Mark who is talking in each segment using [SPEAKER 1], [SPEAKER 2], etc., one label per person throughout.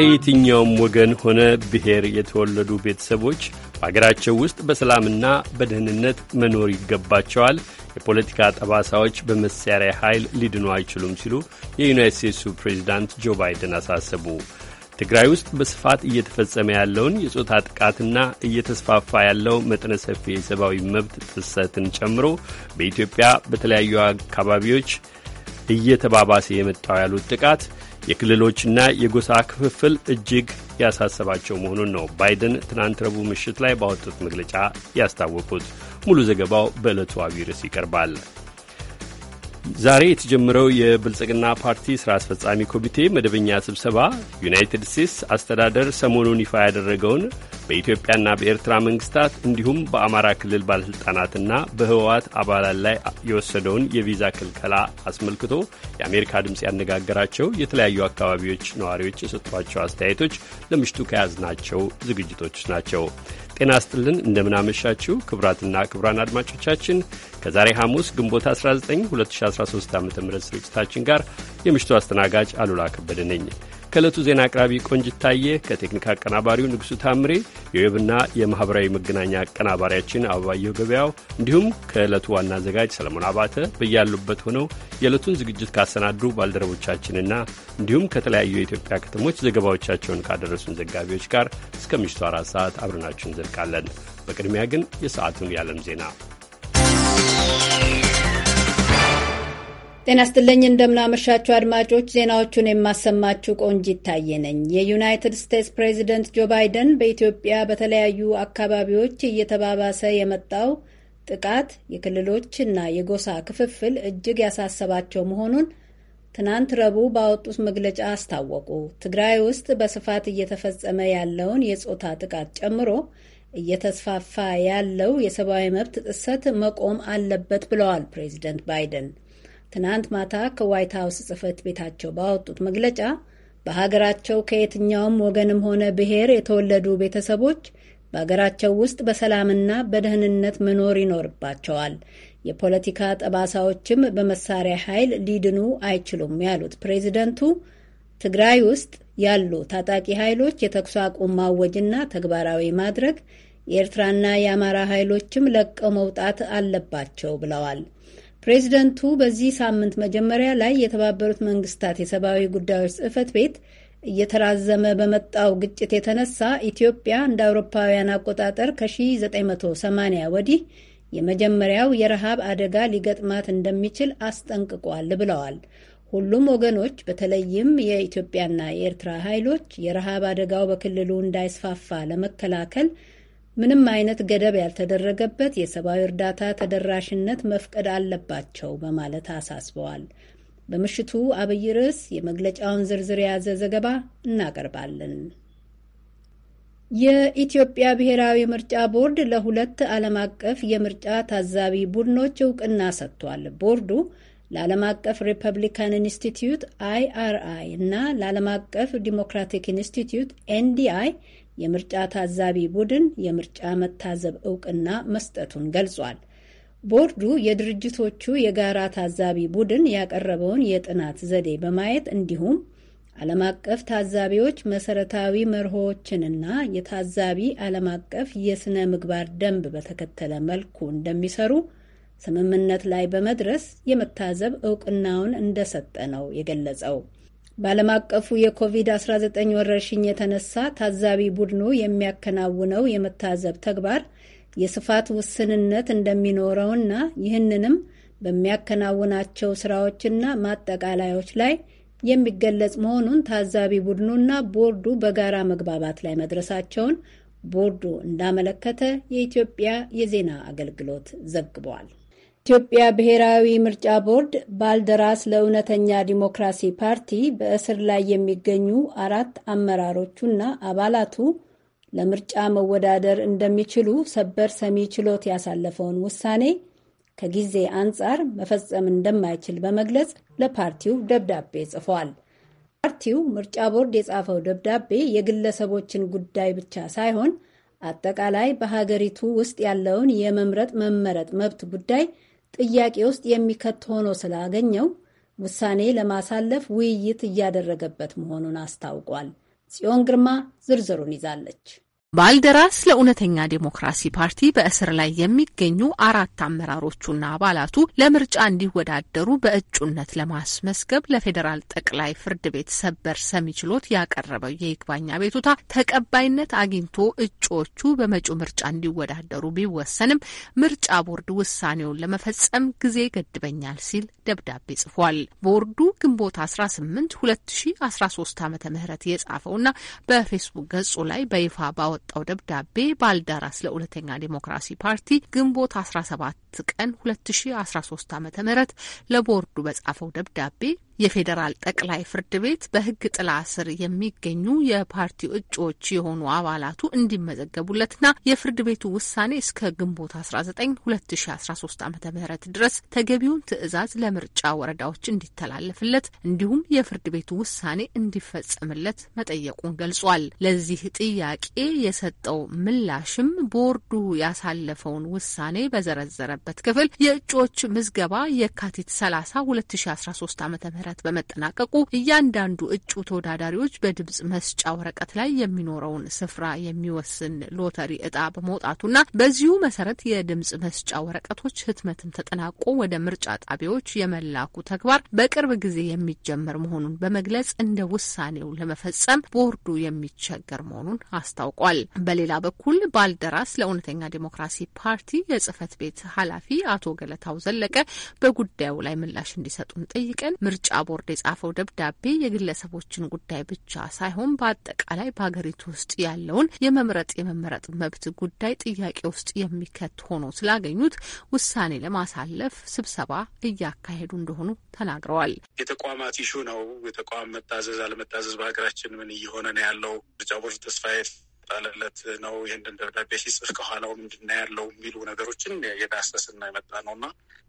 [SPEAKER 1] ከየትኛውም ወገን ሆነ ብሔር የተወለዱ ቤተሰቦች በአገራቸው ውስጥ በሰላምና በደህንነት መኖር ይገባቸዋል። የፖለቲካ ጠባሳዎች በመሳሪያ ኃይል ሊድኑ አይችሉም ሲሉ የዩናይት ስቴትሱ ፕሬዚዳንት ጆ ባይደን አሳሰቡ። ትግራይ ውስጥ በስፋት እየተፈጸመ ያለውን የጾታ ጥቃትና እየተስፋፋ ያለው መጠነ ሰፊ የሰብአዊ መብት ጥሰትን ጨምሮ በኢትዮጵያ በተለያዩ አካባቢዎች እየተባባሰ የመጣው ያሉት ጥቃት የክልሎችና የጎሳ ክፍፍል እጅግ ያሳሰባቸው መሆኑን ነው ባይደን ትናንት ረቡዕ ምሽት ላይ ባወጡት መግለጫ ያስታወቁት። ሙሉ ዘገባው በዕለቱ አቢይ ርዕስ ይቀርባል። ዛሬ የተጀመረው የብልጽግና ፓርቲ ስራ አስፈጻሚ ኮሚቴ መደበኛ ስብሰባ ዩናይትድ ስቴትስ አስተዳደር ሰሞኑን ይፋ ያደረገውን በኢትዮጵያና በኤርትራ መንግስታት እንዲሁም በአማራ ክልል ባለሥልጣናትና በህወሓት አባላት ላይ የወሰደውን የቪዛ ክልከላ አስመልክቶ የአሜሪካ ድምፅ ያነጋገራቸው የተለያዩ አካባቢዎች ነዋሪዎች የሰጧቸው አስተያየቶች ለምሽቱ ከያዝናቸው ዝግጅቶች ናቸው። ጤና ስጥልን እንደምናመሻችሁ ክቡራትና ክቡራን አድማጮቻችን ከዛሬ ሐሙስ ግንቦት 19 2013 ዓ ም ስርጭታችን ጋር የምሽቱ አስተናጋጅ አሉላ ከበደ ነኝ። ከዕለቱ ዜና አቅራቢ ቆንጅት ታየ፣ ከቴክኒክ አቀናባሪው ንጉሡ ታምሬ፣ የዌብና የማኅበራዊ መገናኛ አቀናባሪያችን አበባየሁ ገበያው እንዲሁም ከዕለቱ ዋና አዘጋጅ ሰለሞን አባተ በያሉበት ሆነው የዕለቱን ዝግጅት ካሰናዱ ባልደረቦቻችንና እንዲሁም ከተለያዩ የኢትዮጵያ ከተሞች ዘገባዎቻቸውን ካደረሱን ዘጋቢዎች ጋር እስከ ምሽቱ አራት ሰዓት አብረናችሁ እንዘልቃለን። በቅድሚያ ግን የሰዓቱን የዓለም ዜና
[SPEAKER 2] ጤና ስትልኝ እንደምናመሻችሁ አድማጮች፣ ዜናዎቹን የማሰማችሁ ቆንጅ ይታየ ነኝ። የዩናይትድ ስቴትስ ፕሬዚደንት ጆ ባይደን በኢትዮጵያ በተለያዩ አካባቢዎች እየተባባሰ የመጣው ጥቃት፣ የክልሎችና የጎሳ ክፍፍል እጅግ ያሳሰባቸው መሆኑን ትናንት ረቡዕ ባወጡት መግለጫ አስታወቁ። ትግራይ ውስጥ በስፋት እየተፈጸመ ያለውን የጾታ ጥቃት ጨምሮ እየተስፋፋ ያለው የሰብአዊ መብት ጥሰት መቆም አለበት ብለዋል ፕሬዚደንት ባይደን። ትናንት ማታ ከዋይት ሀውስ ጽሕፈት ቤታቸው ባወጡት መግለጫ በሀገራቸው ከየትኛውም ወገንም ሆነ ብሔር የተወለዱ ቤተሰቦች በሀገራቸው ውስጥ በሰላምና በደህንነት መኖር ይኖርባቸዋል። የፖለቲካ ጠባሳዎችም በመሳሪያ ኃይል ሊድኑ አይችሉም ያሉት ፕሬዚደንቱ ትግራይ ውስጥ ያሉ ታጣቂ ኃይሎች የተኩስ አቁም ማወጅና ተግባራዊ ማድረግ የኤርትራና የአማራ ኃይሎችም ለቀው መውጣት አለባቸው ብለዋል። ፕሬዚደንቱ በዚህ ሳምንት መጀመሪያ ላይ የተባበሩት መንግስታት የሰብአዊ ጉዳዮች ጽህፈት ቤት እየተራዘመ በመጣው ግጭት የተነሳ ኢትዮጵያ እንደ አውሮፓውያን አቆጣጠር ከ1980 ወዲህ የመጀመሪያው የረሃብ አደጋ ሊገጥማት እንደሚችል አስጠንቅቋል ብለዋል። ሁሉም ወገኖች በተለይም የኢትዮጵያና የኤርትራ ኃይሎች የረሃብ አደጋው በክልሉ እንዳይስፋፋ ለመከላከል ምንም አይነት ገደብ ያልተደረገበት የሰብአዊ እርዳታ ተደራሽነት መፍቀድ አለባቸው በማለት አሳስበዋል። በምሽቱ አብይ ርዕስ የመግለጫውን ዝርዝር የያዘ ዘገባ እናቀርባለን። የኢትዮጵያ ብሔራዊ ምርጫ ቦርድ ለሁለት ዓለም አቀፍ የምርጫ ታዛቢ ቡድኖች እውቅና ሰጥቷል። ቦርዱ ለዓለም አቀፍ ሪፐብሊካን ኢንስቲትዩት አይአርአይ እና ለዓለም አቀፍ ዲሞክራቲክ ኢንስቲትዩት ኤንዲአይ የምርጫ ታዛቢ ቡድን የምርጫ መታዘብ እውቅና መስጠቱን ገልጿል። ቦርዱ የድርጅቶቹ የጋራ ታዛቢ ቡድን ያቀረበውን የጥናት ዘዴ በማየት እንዲሁም ዓለም አቀፍ ታዛቢዎች መሰረታዊ መርሆዎችንና የታዛቢ ዓለም አቀፍ የሥነ ምግባር ደንብ በተከተለ መልኩ እንደሚሰሩ ስምምነት ላይ በመድረስ የመታዘብ እውቅናውን እንደሰጠ ነው የገለጸው። በዓለም አቀፉ የኮቪድ-19 ወረርሽኝ የተነሳ ታዛቢ ቡድኑ የሚያከናውነው የመታዘብ ተግባር የስፋት ውስንነት እንደሚኖረውና ይህንንም በሚያከናውናቸው ስራዎችና ማጠቃለያዎች ላይ የሚገለጽ መሆኑን ታዛቢ ቡድኑና ቦርዱ በጋራ መግባባት ላይ መድረሳቸውን ቦርዱ እንዳመለከተ የኢትዮጵያ የዜና አገልግሎት ዘግቧል። የኢትዮጵያ ብሔራዊ ምርጫ ቦርድ ባልደራስ ለእውነተኛ ዲሞክራሲ ፓርቲ በእስር ላይ የሚገኙ አራት አመራሮቹና አባላቱ ለምርጫ መወዳደር እንደሚችሉ ሰበር ሰሚ ችሎት ያሳለፈውን ውሳኔ ከጊዜ አንጻር መፈጸም እንደማይችል በመግለጽ ለፓርቲው ደብዳቤ ጽፏል። ፓርቲው ምርጫ ቦርድ የጻፈው ደብዳቤ የግለሰቦችን ጉዳይ ብቻ ሳይሆን አጠቃላይ በሀገሪቱ ውስጥ ያለውን የመምረጥ መመረጥ መብት ጉዳይ ጥያቄ ውስጥ የሚከት ሆኖ ስላገኘው ውሳኔ ለማሳለፍ ውይይት እያደረገበት መሆኑን አስታውቋል። ጽዮን ግርማ ዝርዝሩን ይዛለች።
[SPEAKER 3] ባልደራስ ለእውነተኛ ዴሞክራሲ ፓርቲ በእስር ላይ የሚገኙ አራት አመራሮቹና አባላቱ ለምርጫ እንዲወዳደሩ በእጩነት ለማስመስገብ ለፌዴራል ጠቅላይ ፍርድ ቤት ሰበር ሰሚ ችሎት ያቀረበው የይግባኝ አቤቱታ ተቀባይነት አግኝቶ እጩዎቹ በመጪው ምርጫ እንዲወዳደሩ ቢወሰንም ምርጫ ቦርድ ውሳኔውን ለመፈጸም ጊዜ ገድበኛል ሲል ደብዳቤ ጽፏል። ቦርዱ ግንቦት 18 2013 ዓ ም የጻፈውና በፌስቡክ ገጹ ላይ በይፋ ባወ ባወጣው ደብዳቤ ባልደራስ ለእውነተኛ ዴሞክራሲ ፓርቲ ግንቦት 17 ቀን 2013 ዓ ም ለቦርዱ በጻፈው ደብዳቤ የፌዴራል ጠቅላይ ፍርድ ቤት በሕግ ጥላ ስር የሚገኙ የፓርቲው እጩዎች የሆኑ አባላቱ እንዲመዘገቡለትና የፍርድ ቤቱ ውሳኔ እስከ ግንቦት 19 2013 ዓ ም ድረስ ተገቢውን ትዕዛዝ ለምርጫ ወረዳዎች እንዲተላለፍለት እንዲሁም የፍርድ ቤቱ ውሳኔ እንዲፈጸምለት መጠየቁን ገልጿል። ለዚህ ጥያቄ የሰጠው ምላሽም ቦርዱ ያሳለፈውን ውሳኔ በዘረዘረበት ክፍል የእጩዎች ምዝገባ የካቲት 30 2013 ዓ ም መሰረት በመጠናቀቁ እያንዳንዱ እጩ ተወዳዳሪዎች በድምጽ መስጫ ወረቀት ላይ የሚኖረውን ስፍራ የሚወስን ሎተሪ እጣ በመውጣቱና በዚሁ መሰረት የድምጽ መስጫ ወረቀቶች ህትመትም ተጠናቆ ወደ ምርጫ ጣቢያዎች የመላኩ ተግባር በቅርብ ጊዜ የሚጀመር መሆኑን በመግለጽ እንደ ውሳኔው ለመፈጸም ቦርዱ የሚቸገር መሆኑን አስታውቋል። በሌላ በኩል ባልደራስ ለእውነተኛ ዴሞክራሲ ፓርቲ የጽህፈት ቤት ኃላፊ አቶ ገለታው ዘለቀ በጉዳዩ ላይ ምላሽ እንዲሰጡን ጠይቀን ምርጫ ቦርድ የጻፈው ደብዳቤ የግለሰቦችን ጉዳይ ብቻ ሳይሆን በአጠቃላይ በሀገሪቱ ውስጥ ያለውን የመምረጥ የመመረጥ መብት ጉዳይ ጥያቄ ውስጥ የሚከት ሆኖ ስላገኙት ውሳኔ ለማሳለፍ ስብሰባ እያካሄዱ እንደሆኑ ተናግረዋል።
[SPEAKER 4] የተቋማት ኢሹ ነው። የተቋም መታዘዝ አለመታዘዝ በሀገራችን ምን እየሆነ ነው ያለው? ምርጫ ቦርድ ተስፋዬ የተጣለለት ነው። ይህንን ደብዳቤ ሲጽፍ ከኋላው ምንድና ያለው የሚሉ ነገሮችን የዳሰስና የመጣ ነው እና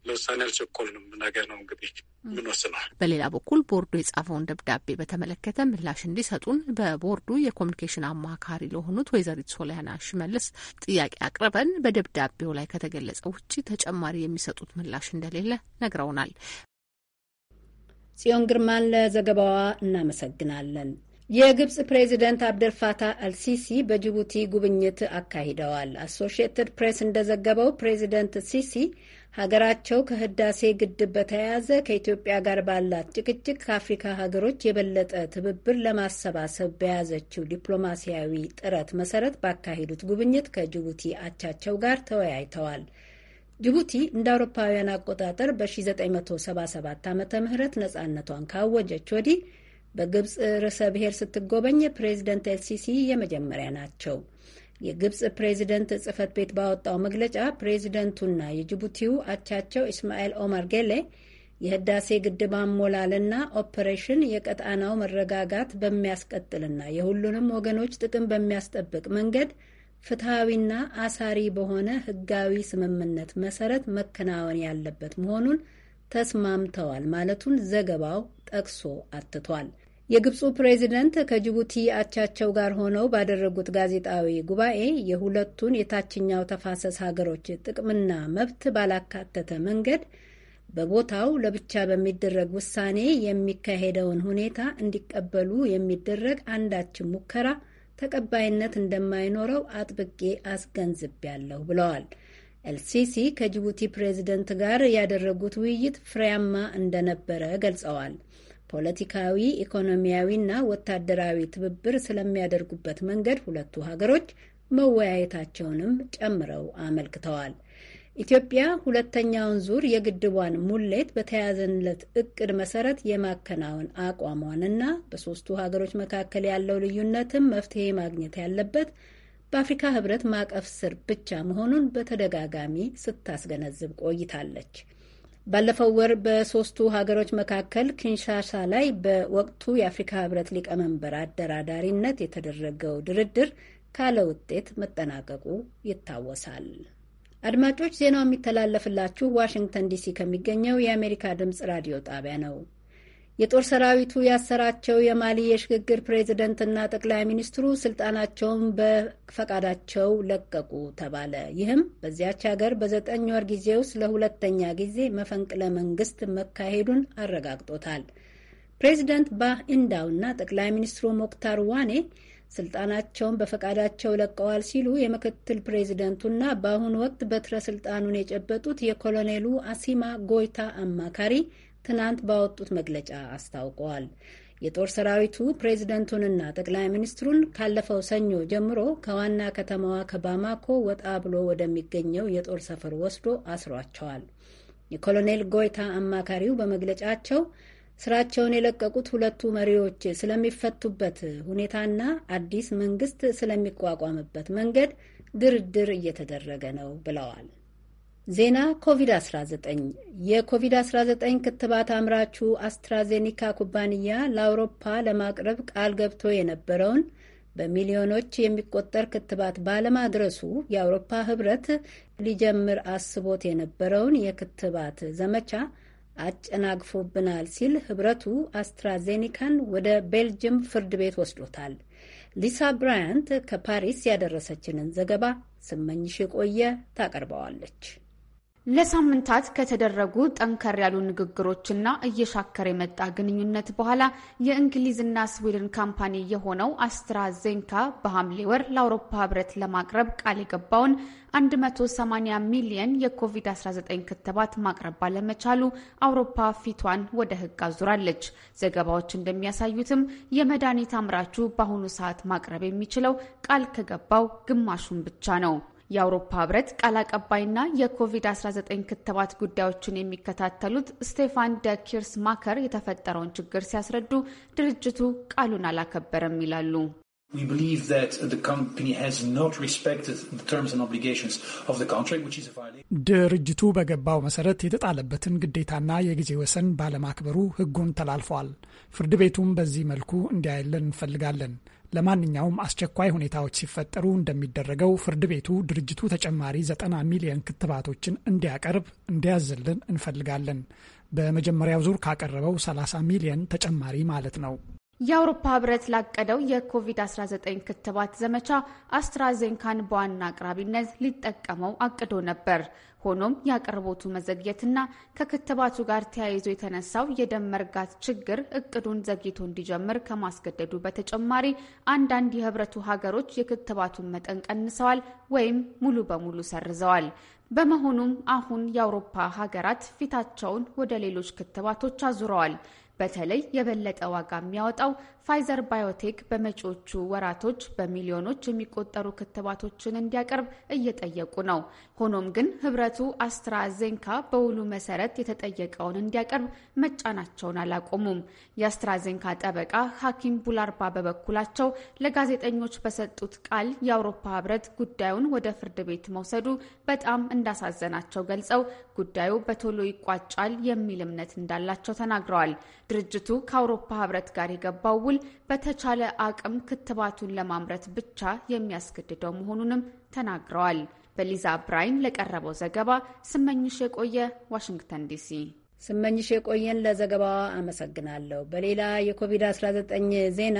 [SPEAKER 4] ለውሳኔ አልቸኮልንም። ነገ ነው እንግዲህ
[SPEAKER 3] ምንወስነው። በሌላ በኩል ቦርዱ የጻፈውን ደብዳቤ በተመለከተ ምላሽ እንዲሰጡን በቦርዱ የኮሚኒኬሽን አማካሪ ለሆኑት ወይዘሪት ሶሊያና ሽመልስ ጥያቄ አቅርበን በደብዳቤው ላይ ከተገለጸ ውጭ ተጨማሪ የሚሰጡት ምላሽ እንደሌለ ነግረውናል።
[SPEAKER 2] ጽዮን ግርማን ለዘገባዋ እናመሰግናለን። የግብፅ ፕሬዚደንት አብደል ፋታህ አልሲሲ በጅቡቲ ጉብኝት አካሂደዋል። አሶሺየትድ ፕሬስ እንደዘገበው ፕሬዚደንት ሲሲ ሀገራቸው ከህዳሴ ግድብ በተያያዘ ከኢትዮጵያ ጋር ባላት ጭቅጭቅ ከአፍሪካ ሀገሮች የበለጠ ትብብር ለማሰባሰብ በያዘችው ዲፕሎማሲያዊ ጥረት መሰረት ባካሄዱት ጉብኝት ከጅቡቲ አቻቸው ጋር ተወያይተዋል። ጅቡቲ እንደ አውሮፓውያን አቆጣጠር በ1977 ዓ ም ነጻነቷን ካወጀች ወዲህ በግብፅ ርዕሰ ብሔር ስትጎበኝ ፕሬዚደንት ኤልሲሲ የመጀመሪያ ናቸው። የግብፅ ፕሬዚደንት ጽህፈት ቤት ባወጣው መግለጫ ፕሬዚደንቱና የጅቡቲው አቻቸው ኢስማኤል ኦማር ጌሌ የህዳሴ ግድብ አሞላልና ኦፐሬሽን የቀጣናው መረጋጋት በሚያስቀጥልና የሁሉንም ወገኖች ጥቅም በሚያስጠብቅ መንገድ ፍትሐዊና አሳሪ በሆነ ህጋዊ ስምምነት መሰረት መከናወን ያለበት መሆኑን ተስማምተዋል ማለቱን ዘገባው ጠቅሶ አትቷል። የግብፁ ፕሬዚደንት ከጅቡቲ አቻቸው ጋር ሆነው ባደረጉት ጋዜጣዊ ጉባኤ የሁለቱን የታችኛው ተፋሰስ ሀገሮች ጥቅምና መብት ባላካተተ መንገድ በቦታው ለብቻ በሚደረግ ውሳኔ የሚካሄደውን ሁኔታ እንዲቀበሉ የሚደረግ አንዳችም ሙከራ ተቀባይነት እንደማይኖረው አጥብቄ አስገንዝቤያለሁ ብለዋል። ኤልሲሲ ከጅቡቲ ፕሬዚደንት ጋር ያደረጉት ውይይት ፍሬያማ እንደነበረ ገልጸዋል። ፖለቲካዊ፣ ኢኮኖሚያዊና ወታደራዊ ትብብር ስለሚያደርጉበት መንገድ ሁለቱ ሀገሮች መወያየታቸውንም ጨምረው አመልክተዋል። ኢትዮጵያ ሁለተኛውን ዙር የግድቧን ሙሌት በተያዘንለት እቅድ መሰረት የማከናወን አቋሟንና በሶስቱ ሀገሮች መካከል ያለው ልዩነትም መፍትሄ ማግኘት ያለበት በአፍሪካ ሕብረት ማዕቀፍ ስር ብቻ መሆኑን በተደጋጋሚ ስታስገነዝብ ቆይታለች። ባለፈው ወር በሶስቱ ሀገሮች መካከል ኪንሻሳ ላይ በወቅቱ የአፍሪካ ህብረት ሊቀመንበር አደራዳሪነት የተደረገው ድርድር ካለ ውጤት መጠናቀቁ ይታወሳል። አድማጮች ዜናው የሚተላለፍላችሁ ዋሽንግተን ዲሲ ከሚገኘው የአሜሪካ ድምፅ ራዲዮ ጣቢያ ነው። የጦር ሰራዊቱ ያሰራቸው የማሊ የሽግግር ፕሬዝደንትና ጠቅላይ ሚኒስትሩ ስልጣናቸውን በፈቃዳቸው ለቀቁ ተባለ። ይህም በዚያች ሀገር በዘጠኝ ወር ጊዜ ውስጥ ለሁለተኛ ጊዜ መፈንቅለ መንግስት መካሄዱን አረጋግጦታል። ፕሬዚደንት ባህ ኢንዳውና ጠቅላይ ሚኒስትሩ ሞክታር ዋኔ ስልጣናቸውን በፈቃዳቸው ለቀዋል ሲሉ የምክትል ፕሬዚደንቱና በአሁኑ ወቅት በትረ ስልጣኑን የጨበጡት የኮሎኔሉ አሲማ ጎይታ አማካሪ ትናንት ባወጡት መግለጫ አስታውቀዋል። የጦር ሰራዊቱ ፕሬዝደንቱንና ጠቅላይ ሚኒስትሩን ካለፈው ሰኞ ጀምሮ ከዋና ከተማዋ ከባማኮ ወጣ ብሎ ወደሚገኘው የጦር ሰፈር ወስዶ አስሯቸዋል። የኮሎኔል ጎይታ አማካሪው በመግለጫቸው ስራቸውን የለቀቁት ሁለቱ መሪዎች ስለሚፈቱበት ሁኔታና አዲስ መንግስት ስለሚቋቋምበት መንገድ ድርድር እየተደረገ ነው ብለዋል። ዜና ኮቪድ-19 የኮቪድ-19 ክትባት አምራቹ አስትራዜኒካ ኩባንያ ለአውሮፓ ለማቅረብ ቃል ገብቶ የነበረውን በሚሊዮኖች የሚቆጠር ክትባት ባለማድረሱ የአውሮፓ ህብረት ሊጀምር አስቦት የነበረውን የክትባት ዘመቻ አጨናግፎብናል ሲል ህብረቱ አስትራዜኒካን ወደ ቤልጅየም ፍርድ ቤት ወስዶታል። ሊሳ ብራያንት ከፓሪስ ያደረሰችንን ዘገባ ስመኝሽ የቆየ
[SPEAKER 5] ታቀርበዋለች። ለሳምንታት ከተደረጉ ጠንከር ያሉ ንግግሮችና እየሻከረ የመጣ ግንኙነት በኋላ የእንግሊዝና ስዊድን ካምፓኒ የሆነው አስትራዜንካ በሐምሌ ወር ለአውሮፓ ሕብረት ለማቅረብ ቃል የገባውን 180 ሚሊየን የኮቪድ-19 ክትባት ማቅረብ ባለመቻሉ አውሮፓ ፊቷን ወደ ሕግ አዙራለች። ዘገባዎች እንደሚያሳዩትም የመድኃኒት አምራቹ በአሁኑ ሰዓት ማቅረብ የሚችለው ቃል ከገባው ግማሹን ብቻ ነው። የአውሮፓ ህብረት ቃል አቀባይና የኮቪድ-19 ክትባት ጉዳዮችን የሚከታተሉት ስቴፋን ደ ኪርስ ማከር የተፈጠረውን ችግር ሲያስረዱ ድርጅቱ ቃሉን አላከበረም ይላሉ።
[SPEAKER 6] ድርጅቱ በገባው መሰረት የተጣለበትን ግዴታና የጊዜ ወሰን ባለማክበሩ ህጉን ተላልፏል። ፍርድ ቤቱም በዚህ መልኩ እንዲያይልን እንፈልጋለን። ለማንኛውም አስቸኳይ ሁኔታዎች ሲፈጠሩ እንደሚደረገው ፍርድ ቤቱ ድርጅቱ ተጨማሪ ዘጠና ሚሊየን ክትባቶችን እንዲያቀርብ እንዲያዝልን እንፈልጋለን። በመጀመሪያው ዙር ካቀረበው 30 ሚሊየን ተጨማሪ ማለት ነው።
[SPEAKER 5] የአውሮፓ ህብረት ላቀደው የኮቪድ-19 ክትባት ዘመቻ አስትራዜንካን በዋና አቅራቢነት ሊጠቀመው አቅዶ ነበር። ሆኖም የአቅርቦቱ መዘግየትና ከክትባቱ ጋር ተያይዞ የተነሳው የደም መርጋት ችግር እቅዱን ዘግይቶ እንዲጀምር ከማስገደዱ በተጨማሪ አንዳንድ የህብረቱ ሀገሮች የክትባቱን መጠን ቀንሰዋል ወይም ሙሉ በሙሉ ሰርዘዋል። በመሆኑም አሁን የአውሮፓ ሀገራት ፊታቸውን ወደ ሌሎች ክትባቶች አዙረዋል። በተለይ የበለጠ ዋጋ የሚያወጣው ፋይዘር ባዮቴክ በመጪዎቹ ወራቶች በሚሊዮኖች የሚቆጠሩ ክትባቶችን እንዲያቀርብ እየጠየቁ ነው። ሆኖም ግን ህብረቱ አስትራዜንካ በውሉ መሰረት የተጠየቀውን እንዲያቀርብ መጫናቸውን አላቆሙም። የአስትራዜንካ ጠበቃ ሐኪም ቡላርባ በበኩላቸው ለጋዜጠኞች በሰጡት ቃል የአውሮፓ ህብረት ጉዳዩን ወደ ፍርድ ቤት መውሰዱ በጣም እንዳሳዘናቸው ገልጸው ጉዳዩ በቶሎ ይቋጫል የሚል እምነት እንዳላቸው ተናግረዋል። ድርጅቱ ከአውሮፓ ህብረት ጋር የገባው ውል በተቻለ አቅም ክትባቱን ለማምረት ብቻ የሚያስገድደው መሆኑንም ተናግረዋል። በሊዛ ብራይን ለቀረበው ዘገባ ስመኝሽ የቆየ ዋሽንግተን ዲሲ። ስመኝሽ የቆየን
[SPEAKER 2] ለዘገባዋ አመሰግናለሁ። በሌላ የኮቪድ-19 ዜና